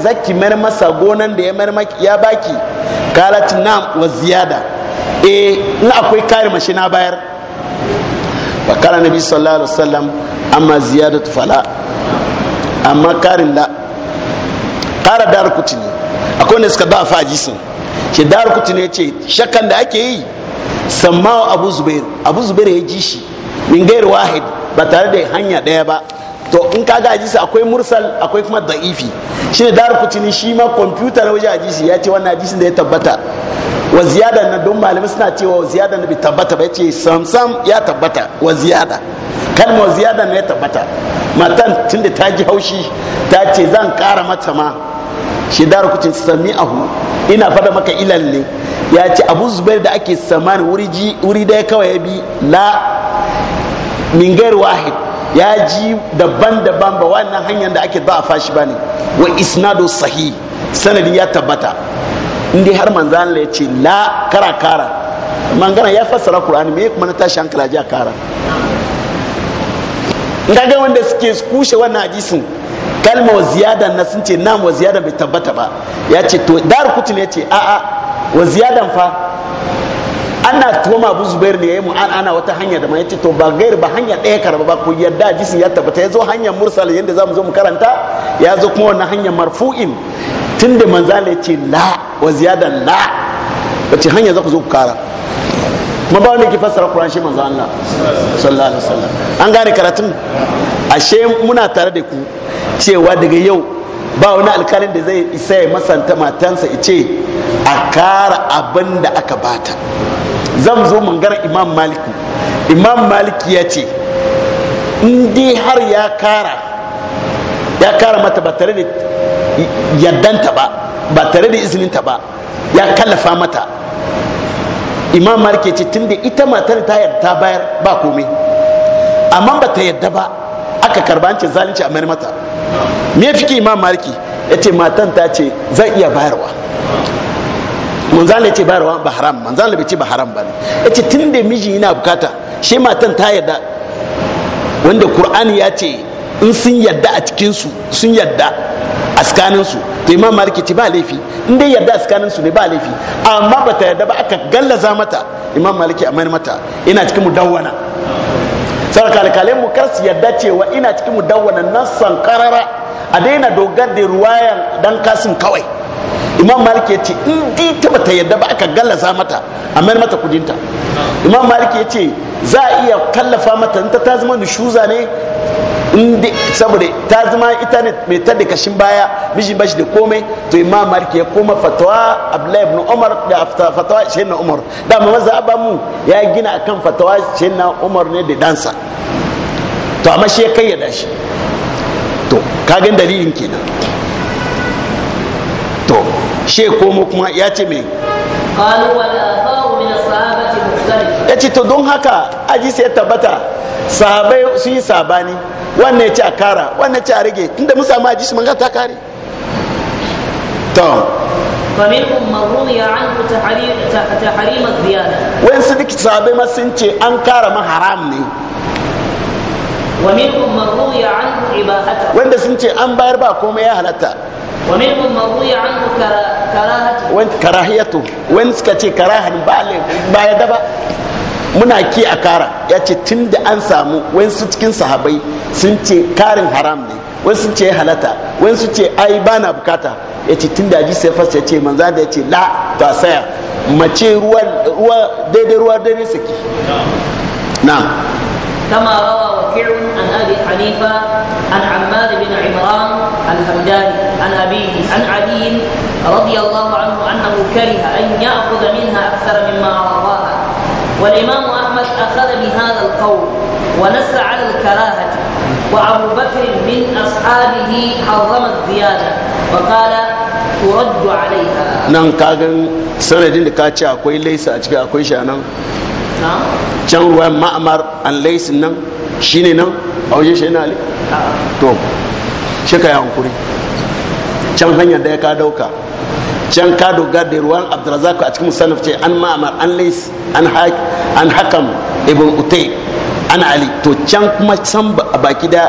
zaki mayar masa gonan da ya baki kala tunan wa ziyada eh in akwai kare mashi na bayar fakara nabi sallallahu alaihi wasallam amma ziyadatu fala amma karin la kara dar kutini akwai wanda suka ba fa jisin ke dar kutini ce shakkan da ake yi sammawa abu zubair abu zubair ya ji shi min gair wahid ba tare da hanya daya ba to in ka ga hadisi akwai mursal akwai kuma da'ifi ne dar kutini shi ma kwamfuta na wajen hadisi ya ce wannan hadisin da ya tabbata wa ziyada na don malamai suna cewa wa ziyada na bai tabbata ba ce samsam ya tabbata wa ziyada kalma wa ziyada na ya tabbata matan da ta ji haushi ta ce zan kara mata ma shi dar kutin sami ahu ina fada maka ilal ne ya ce abu zubair da ake samani wuri daya kawai ya bi la min gair wahid ya ji daban-daban ba wannan hanyar da ake ba a fashi ba ne wa isnadu sahi sanadin ya tabbata inda har manzan ya ce la kara kara mangana ya fassara kur'ani me kuma na tashi hankala ji a kara ga wanda suke kushe wannan hadisin kalma wa ziyada na sun ce nam wa ziyada bai tabbata ba ya ce to dar kutul ya ce a wa ziyadan fa ana tuhuma abu zubair ne yayi ana wata hanya da mai to ba gair ba hanya ɗaya karba ba ko yadda jisi ya tabbata yazo hanyar mursal yanda zamu zo mu karanta ya zo kuma wannan hanyar marfu'in tunda manzala yace la wa ziyada la wace hanya za ku zo ku kara kuma ba wanda ke fassara Qur'an shi manzo Allah sallallahu alaihi wasallam an gane karatun ashe muna tare da ku cewa daga yau ba wani alkalin da zai isa ya masanta matansa ice a kara abin da aka bata zan zo mangara imam maliki imam maliki ya ce dai har ya kara ya kara mata ba tare da yaddanta ba ba tare da izininta ba ya kallafa mata imam maliki ya ce tun da ita matar ta yarda ta bayar ba komai amma ba ta yadda ba aka karbanci zalunci a mata me fiki imam maliki ya ce matan ta ce zan iya bayarwa manzan ya ce bayarwa ba haram manzan bai ce ba haram ba ne ya ce tun da miji yana bukata shi matan ta yarda wanda kur'ani ya ce in sun yarda a cikinsu sun yarda a tsakaninsu to imam maliki ce ba laifi in dai yarda a tsakaninsu ne ba laifi amma ba ta yarda ba aka gallaza mata imam maliki a mata ina cikin mudawwana saboda alkalin mu kar su yadda cewa ina cikin mu dawwana nan sankarara a daina dogar da ruwayan dan kasin kawai imam maliki ya ce in ta bata yadda ba aka gallaza mata a mayar mata kudinta imam maliki ya ce za a iya kallafa mata ta ta zama nushuza ne saboda ta zama ita ne mai tada kashin baya mijin bashi da komai to imam maliki ya koma fatawa abdullahi ibn umar da fatawa shayin umar da maza abamu ya gina akan fatawa shayin umar ne da dansa to amma shi ya kayyada shi to kagan dalilin kenan she komo kuma ya ce me ya ce to don haka aji sai ya tabbata sahabai sun yi sabani wannan ya ce a kara wannan ya ce a rage inda mun samu aji su manga ta kare to wani su duk sahabai ma sun ce an kara ma haram ne wanda sun ce an bayar ba komai ya halatta ومنهم من روي عنه كراهته وين كراهيته وين سكتي كراهه ba ya daba muna ki a kara ya ce tun da an samu wasu cikin sahabai sun ce karin haram ne sun ce halata sun ce ai ba na bukata ya ce tun da sai fas ya ce manza da ya ce la ta saya mace ruwa daidai ruwa daidai saki na كما روى وكيع عن ابي حنيفه عن عماد بن عمران الهمداني عن ابيه عن علي رضي الله عنه انه كره ان ياخذ منها اكثر مما رواها والامام احمد اخذ بهذا القول ونس على الكراهه وابو بكر من اصحابه حرم الزياده وقال ترد عليها. نعم كاغن سنه دي كاتشي اكوي ليس اكوي شانان can ruwan ma'amar an laisin nan shi ne nan a wajen shi na to shi ka yi hankuri can hanyar da ya ka dauka can ka doga da ruwan abdulrazak a cikin musannaf ce an ma'amar an lais an hakam ibn utai an ali to can kuma can baki da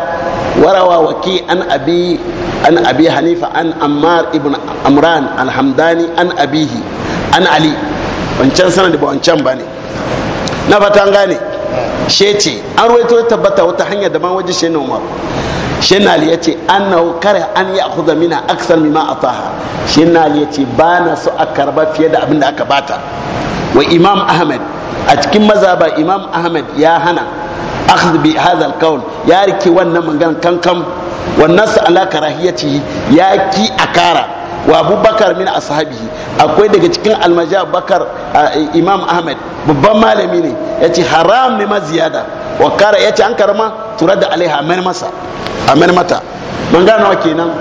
warawa waki an abi an abi hanifa an ammar ibn amran alhamdani an abihi an ali wancan sanar da ba wancan ba ne na fatan gane she ce an ruwaito ya tabbata wata hanya da ma waje shi umar shi ali ya ce an na kare an yi akuza mina aksar mima a faha shi ali ya ce ba na so a karba fiye da abin da aka bata wa imam ahmed a cikin mazaba imam ahmed ya hana akhd bi hadha al ya rike wannan maganan kankan wannan sa alaka rahiyati ya ki akara wa Bakar min ashabihi akwai daga cikin almaji Bakar imam ahmed babban malami ne ya ce haram ne ma ziyada wa kara ya ce an karama tura da alaiha amen masa amen mata ban gano kenan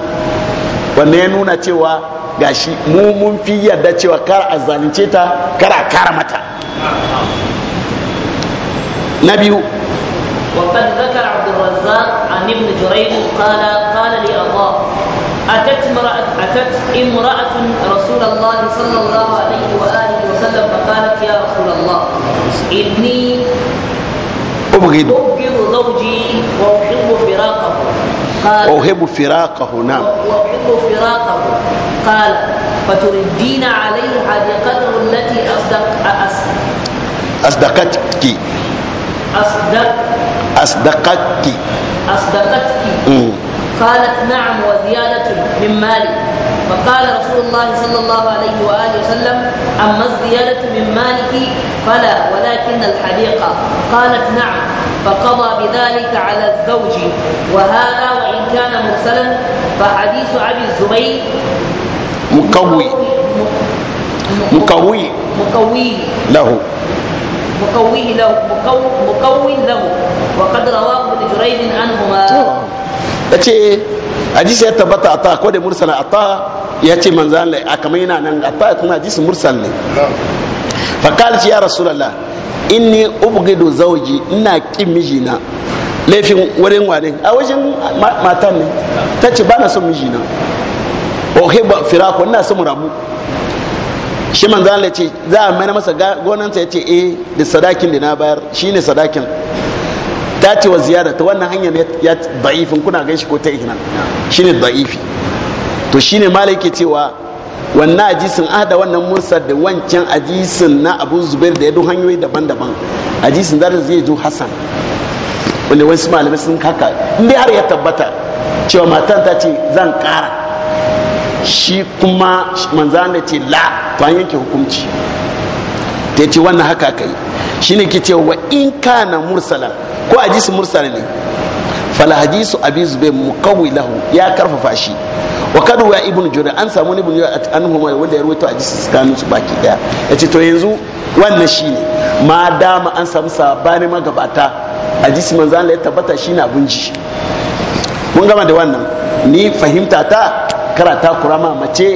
wanda ya nuna cewa gashi mu mun fi yarda cewa kar a zalunce ta kara a kara mata na biyu وقد ذكر عبد الرزاق عن ابن جريج قال قال لي الله أتت امرأة, أتت امرأة رسول الله صلى الله عليه وآله وسلم فقالت يا رسول الله إني أبغض زوجي وأحب فراقه قال أحب فراقه نعم وأحب فراقه قال فتردين عليه حديقته التي أصدق أصدقتك أصدق أصدقتك أصدقتك قالت نعم وزيادة من مالي فقال رسول الله صلى الله عليه وآله وسلم أما الزيادة من مالك فلا ولكن الحديقة قالت نعم فقضى بذلك على الزوج وهذا وإن كان مرسلا فحديث أبي الزبير مكوي مكوي مكوي له مكويه له مكو له وقد رواه ابن جريج عنهما yace hadisi ya tabbata ata ko da mursala ata ya ce manzan lai a kamar yana nan ata kuma hadisi mursal ne fakalci ya rasulallah inni ubgidu zauji ina kin mijina laifin wurin wane a wajen matan ne ta ce ba na son mijina oheba firako ina son mu rabu shi manzo Allah ce za a mai masa gonansa yace eh da sadakin da na bayar shine sadakin ta ce wa ziyara ta wannan hanyar ya da'ifin kuna gan shi ko ta ihnan shine da'ifi to shine ke cewa wannan ajisin da wannan musa da wancan ajisin na abu zubair da ya du hanyoyi daban-daban ajisin zarar zai zo hasan wani wasu malamai sun kaka inda har ya tabbata cewa matan ta ce zan kara shi kuma manzan da ce la to an yanke hukunci ta ce wannan haka kai shi ne ke cewa wa in na mursala ko hadisi mursala ne fala hadisu abi mu muqawwi lahu ya karfafa shi wa kadu ya ibn jura an samu ibn jura an huma wanda ya rawaito hadisi tsakanin su baki daya yace to yanzu wannan shi ne, ma dama an samu sabani magabata hadisi Manzan da ya tabbata shi na ji mun gama da wannan ni fahimta ta kara takura ma mace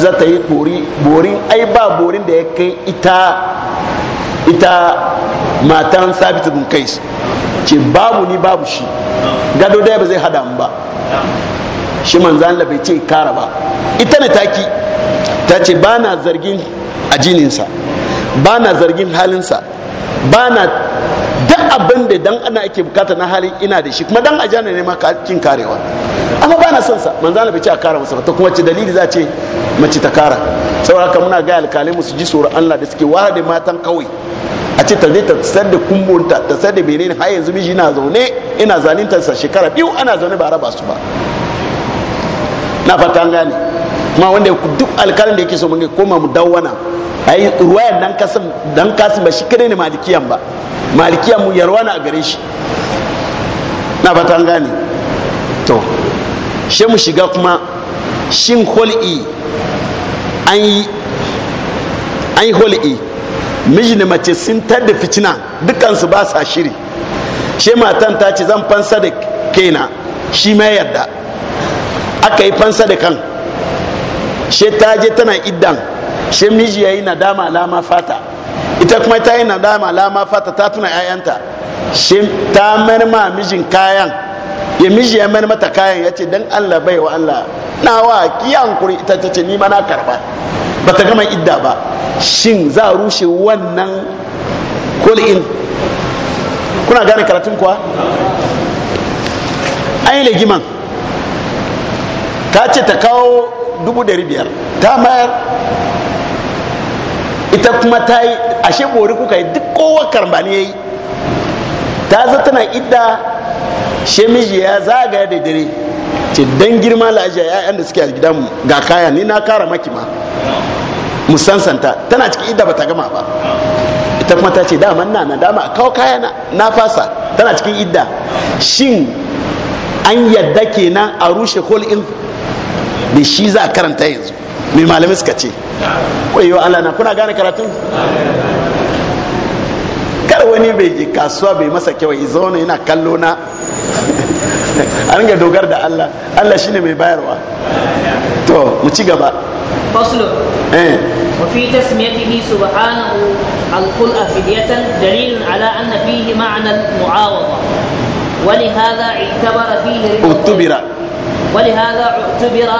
za ta yi borin ai ba borin da ya kai ita ita matan sabit bin kais ce babu ni babu shi gado daya ba zai hada mu ba shi manzan labai ce kara ba ita ne taki ta ce ba na zargin ajininsa ba na zargin halinsa ba na wanda da dan ana ake bukata na hali ina da shi kuma dan ajana ne ma kin karewa amma ba na son sa manzo Allah bai ce a kara masa to kuma ce dalili za ce mace ta kara saboda haka muna ga alkalai musu ji tsoron Allah da suke wahade matan kawai a ce ta je ta tsar da kumbunta ta tsar da menene har yanzu miji na zaune ina zalintar sa shekara biyu ana zaune ba raba su ba na fata gane ma wanda duk alkalin da yake so mun koma mu dawwana ai ruwaya dan kasim dan kasim ba shi kare ne malikiyan ba malikiyan mu yarwana a gare shi na fatan gane to she mu shiga kuma shin holi an yi an yi hul'i miji da mace sun tar da fitina dukansu ba sa shiri she matan ta ce zan fansa da kaina shi ma yarda aka yi fansa da kan she ta je tana idan she miji yayi nadama lama fata ita kuma ta yi nadama lama fata ta tuna ƴaƴanta she ta marma mijin kayan ya miji ya mar mata kayan ya ce dan allah bai wa allah nawa ki hankuri ita ta ce ma na karba ba ta gama idda ba shin za a rushe wannan kul'in kuna gane karatun kuwa an yi legiman ta ce ta kawo dubu dari biyar ta mayar ita kuma ta yi ashe bori kuka yi duk kowa karbani ya yi ta za tana idda shemiji ya zagaya da dare ce don girma lajiya ya'yan da suke a gidanmu ga kaya ni na kara maki ma musansanta tana cikin idda bata gama ba ita kuma ta ce dama na na dama kawo kaya na fasa tana cikin idda shin an yadda kenan a rushe kol'in da shi za a karanta yanzu mai malamai suka ce kwayo Allah na kuna gane karatun kar wani bai je kasuwa bai masa kyau izo zauna yana kallo na an ga dogar da Allah Allah shine mai bayarwa to mu ci gaba faslu eh وفي تسميته سبحانه الخلق فدية دليل على أن فيه معنى المعاوضة ولهذا اعتبر فيه اعتبر ولهذا اعتبر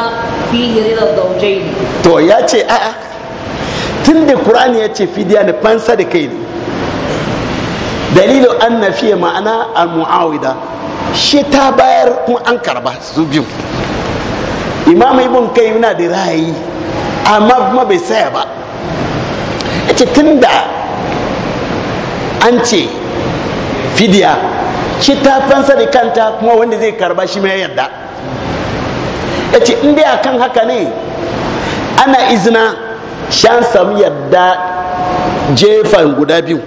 فيه رضا الزوجين تو ياتي اه tun da ya ce fidiya ne fansa da kai ne dalilin an na fiye ma'ana al-mu'awida shi ta bayar kuma an karba su biyu imam ibn kai yana da ra'ayi amma kuma bai saya ba ya ce tun da an ce fidiya shi ta fansa da kanta kuma wanda zai karba shi mai yadda. ta ce inda dai kan haka ne ana izina shan samu yadda jefan guda biyu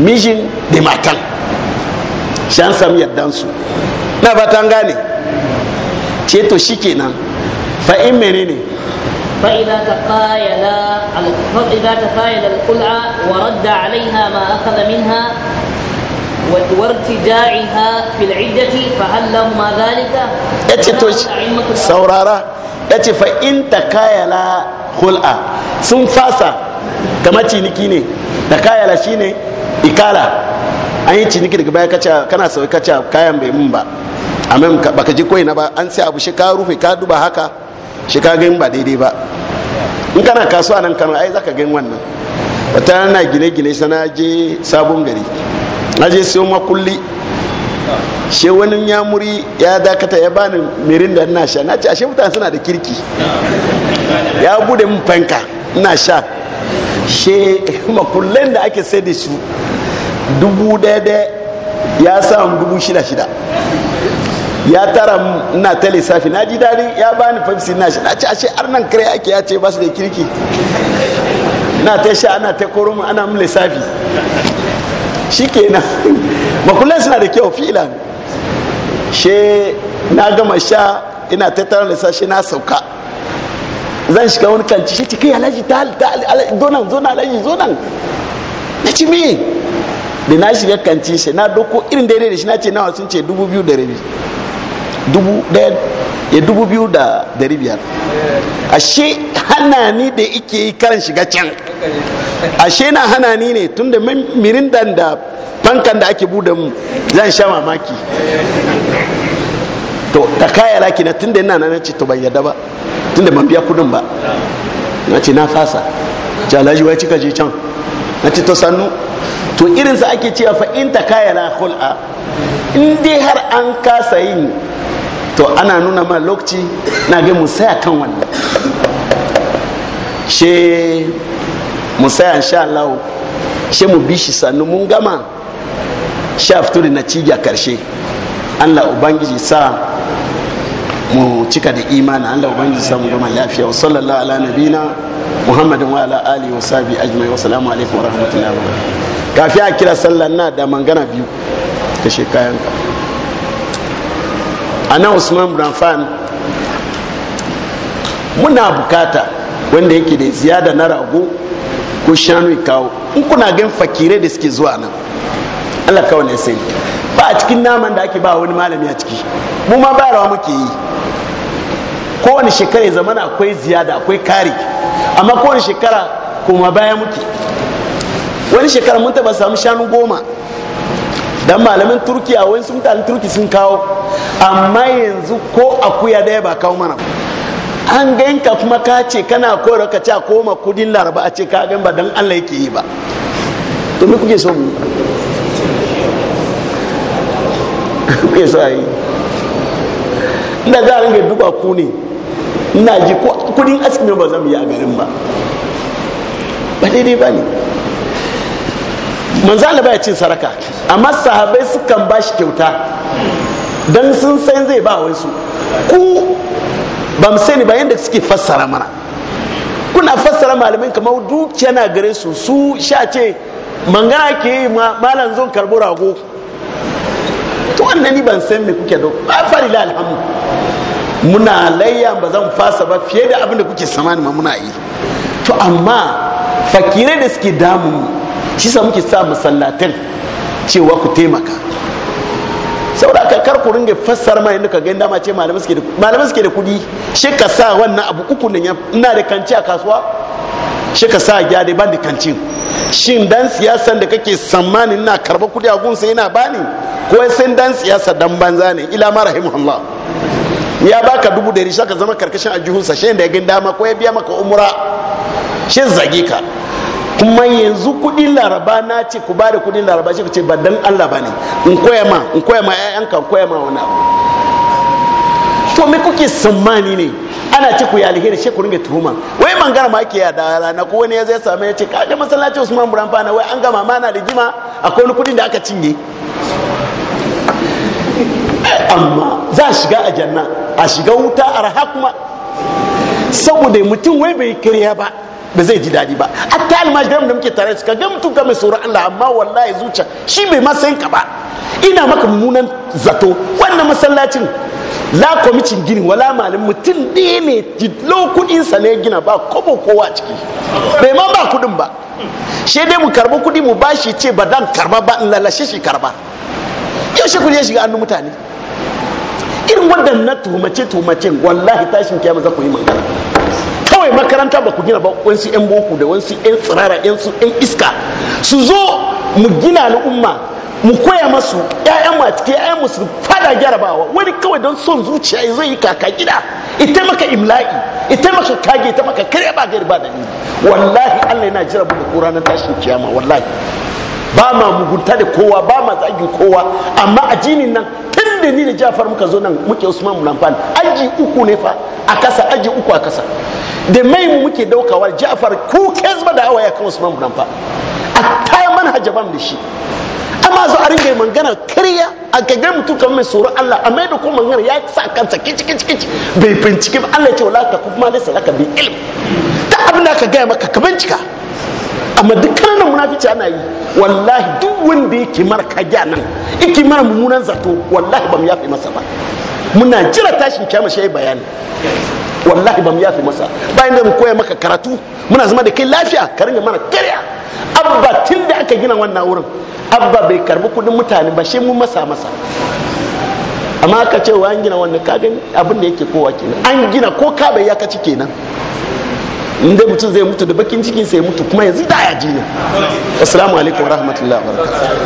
mijin da matan shan samu yaddansu na fatan gane ce to shi kenan fa'in menene فإذا تقايل فإذا تقايل القلع ورد عليها ما أخذ منها وارتجاعها في العدة فهل ذلك؟ saurara in hul'a sun fasa kamar ciniki ne ikala an yi ciniki daga baya kayan bai baka ji koyi na an sai abu shi rufe ka duba in kana kasuwa nan kano ai wannan wata na gine-gine sana je sabon gari na je ma makulli she wani ya muri ya dakata ya bani mirin da ina sha na ce ashe mutane suna da kirki ya bude min fanka ina sha she makullan da ake sai da su dubu daya ya samu dubu shida shida ya tara na ta lissafi na ji daɗi ya bani fafisi na shi na ce ashe arnan kare ake ya ce ba su da kirki na ta sha ana ta koro mu ana mun lissafi nan makullai suna da kyau filan she na gama sha ina tattara da sashi na sauka zan shiga wani kanci shi cikin alaji ta zonan zonan alaji zonan na ci miye. da na shiga kanci shi na doko irin daidai da shi na ce nawa sun ce dubu biyu da rabi dubu daya ya eh, dubu biyu da dari biyar ashe hana ni da ike yi karan shiga can ashe na hana ni ne tun da mirindan da fankan da ake buɗe mu zan sha mamaki to ta kaya laki na tun da ina na ce to ban yadda ba tun da ban biya kudin ba na ce na fasa jalaji wai cika je can na ce to sannu to irinsa ake cewa fa in ta kaya la hul'a in dai har an kasa yin to ana nuna ma lokaci na ga mu saya kan wannan she mu saya insha Allah she mu bi shi sannu mun gama sha fito da natija karshe Allah ubangiji sa mu cika da imani Allah ubangiji sa mu gama lafiya wa sallallahu ala nabina Muhammad wa ala alihi wa sahbi ajma'in wa salamu alaikum wa rahmatullahi wa barakatuh kafi a kira sallan na da mangana biyu ta shekayan ana usman branfan muna bukata wanda yake da ziyada na rago ko shanu kawo in kuna gan fakire da suke zuwa nan Allah kawai ne sai ba a cikin naman da ake ba wani malami a ciki mu ma rawa muke yi kowane shekara ya na akwai ziyada akwai kari amma kowane shekara kuma baya muke wani shekara mun taba samu shanu goma dan malamin turkiya wani sun mutanen turki sun kawo amma yanzu ko akuya daya ba kawo mana an ganka kuma ka ce kana kora ka ce a koma kudin laraba a ce ka gan ba don allah yake yi ba to me kuke so mu kuke so a yi ina za a ringa duba ku ne ina ji kudin asibi ba zan biya a garin ba ba daidai ba ne manzo Allah baya cin saraka amma sahabai sukan ba shi kyauta dan sun san zai ba wai su ku ba mu sani ba yadda suke fassara mana kuna fassara malamai kamar duk yana gare su su sha ce mangana ke yi malam zon karbo rago to wannan ni ban san me kuke do ba fari la alhamdu muna layya ba zan fasa ba fiye da abin da kuke samani ma muna yi to amma fakirai da suke damu shi sa muke sa masallatan cewa ku taimaka saboda ka kar ku ringa fassara ma inda ka ga dama ce malamai suke da malamai suke da kudi shi ka sa wannan abu uku ne ina da kanci a kasuwa shi ka sa gya da ban da kancin shin dan siyasan da kake sammani ina karba kudi a sai yana bani ko sai dan siyasa dan banza ne ila ma rahimahullah ya baka dubu dari shaka zama karkashin ajihunsa shi da ya gin dama ko ya biya maka umura shi zage ka kuma yanzu kudin laraba na ce ku bada kudin laraba shi ku ce ba dan Allah bane in koya ma in koya ma ƴaƴanka in koya ma wani abu to me kuke sammani ne ana ce ku ya alheri shi ku ringa tuhuma wai mangana ma ake yada rana ko wani ya zai samu ya ce kaje masallacin Usman Buran fana wai an gama mana da jima akwai wani kudin da aka cinye amma za a shiga a janna a shiga wuta arha kuma saboda mutum wai bai kariya ba ba zai ji daɗi ba a ta almajiran da muke tare suka ga mutum ga mai tsoron Allah amma wallahi zuciya shi bai ma san ka ba ina maka mummunan zato wannan masallacin la kwamitin gini wala malin mutum ɗaya ne jidlo kuɗinsa ne gina ba kobo kowa ciki bai ma ba kudin ba shi dai mu karba kuɗi mu bashi ce ba dan karba ba in lalashe shi karba yaushe ku je shiga hannun mutane irin wadannan tuhumace-tuhumacen wallahi tashin kiyama za ku yi magana kawai makaranta ba ku gina ba wansu 'yan boko da wansu 'yan tsirara 'yan iska su zo mu gina al'umma mu koya masu 'ya'yan matike 'ya'yan musu fada gyarabawa wani kawai don son zuciya zai yi kaka gida ita maka imla'i ita maka kage ita maka kare ba gari ba ni wallahi allah yana jira bude kura na tashin kiyama wallahi ba ma mugunta da kowa ba ma zagin kowa amma addinin nan tun da ni da jafar muka zo nan muke usman munafan aji uku ne fa a kasa aji uku a kasa da mai mu muke daukawa ja'far ku kezba da awaya ya kan usman bin affan a ta manhaja ban da shi amma zo a ringa mangana karya a gagar mutum kan mai tsoron Allah a maida ko mangana ya sa kansa kici kici kici bai bincike ba Allah ya ce wala ta kuma lissa laka bi ilm ta abin da ka gaya maka ka bincika amma dukkan nan munafici ana yi wallahi duk wanda yake mara kagiya nan yake mara mummunan zato wallahi ba mu yafe masa ba muna jira tashin kyamar shi bayani wallahi ba mu yafe masa bayan da mu koya maka karatu muna zama da kai lafiya karin ga mana karya abba tun da aka gina wannan wurin abba bai karbi kudin mutane ba shi mun masa masa amma aka ce wa an gina wannan ka gani abin da yake kowa kenan an gina ko ka bai ya kaci kenan in dai mutum zai mutu da bakin cikin sai mutu kuma yanzu da ya ji ne assalamu alaikum wa rahmatullahi wa barakatuh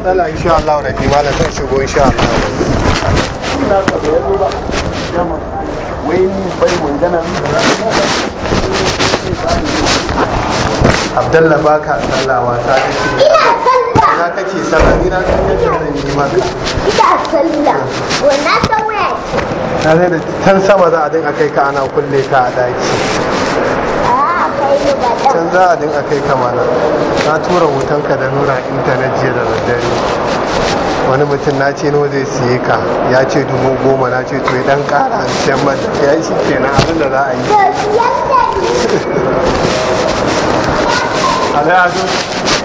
matsala insha Allah rabi malam zan shigo insha Allah ina ka da yaro ba dama wai ni bai wangana Abdalla baka sallawa ta kace na kace sallah Ina na kace zan yi maka sallah wannan ce na da tan sama za a dinga kai ka ana kulle ka a daki can za a dinga kai kamana na tura hotonka da nura intanet jiya da daddare wani mutum na ce no zai siye ka ya ce dubu goma na ce to dan kara an siyan mata ya yi shi ke kenan abin da za a yi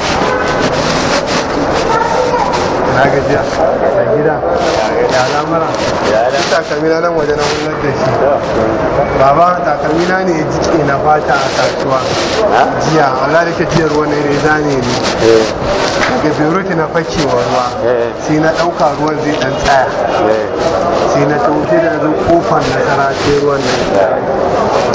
na gajiya a gida ya lamara ya takalmi na nan waje na hular da shi baba takalmi na ne ya jike na fata a kasuwa jiya Allah da ke jiyar ruwan ne zane eh. ne daga beirut na fakewa ruwa eh. sai na ɗauka ruwan zai ɗan tsaya eh. sai na tauke da zo kofar nasara sai ruwan nan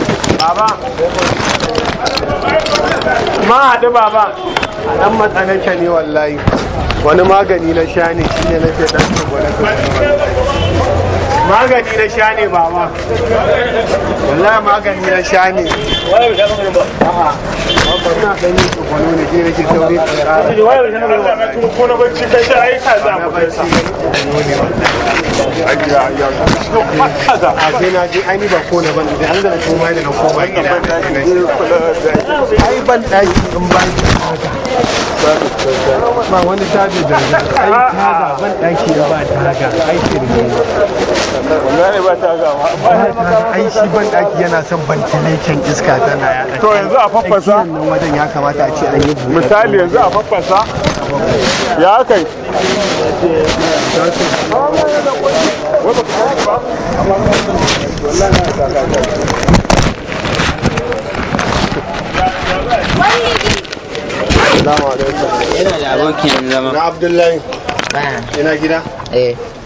baba ma haɗu baba a ɗan matsanaka ne wallahi wani magani na sha ne shine nake ɗan tsogwale magani na sha ne baba wallahi magani na sha ne ai ba ba wani tabi da ai taga ban daki ba taga ai ke wallahi ta ai shi ban daki yana son ventilation iska tana ya to yanzu a faffasa wajen ya kamata a ce an yi misali yanzu a faffasa ya kai Ina da abokin zama. Na Abdullahi. Ina gida? Eh.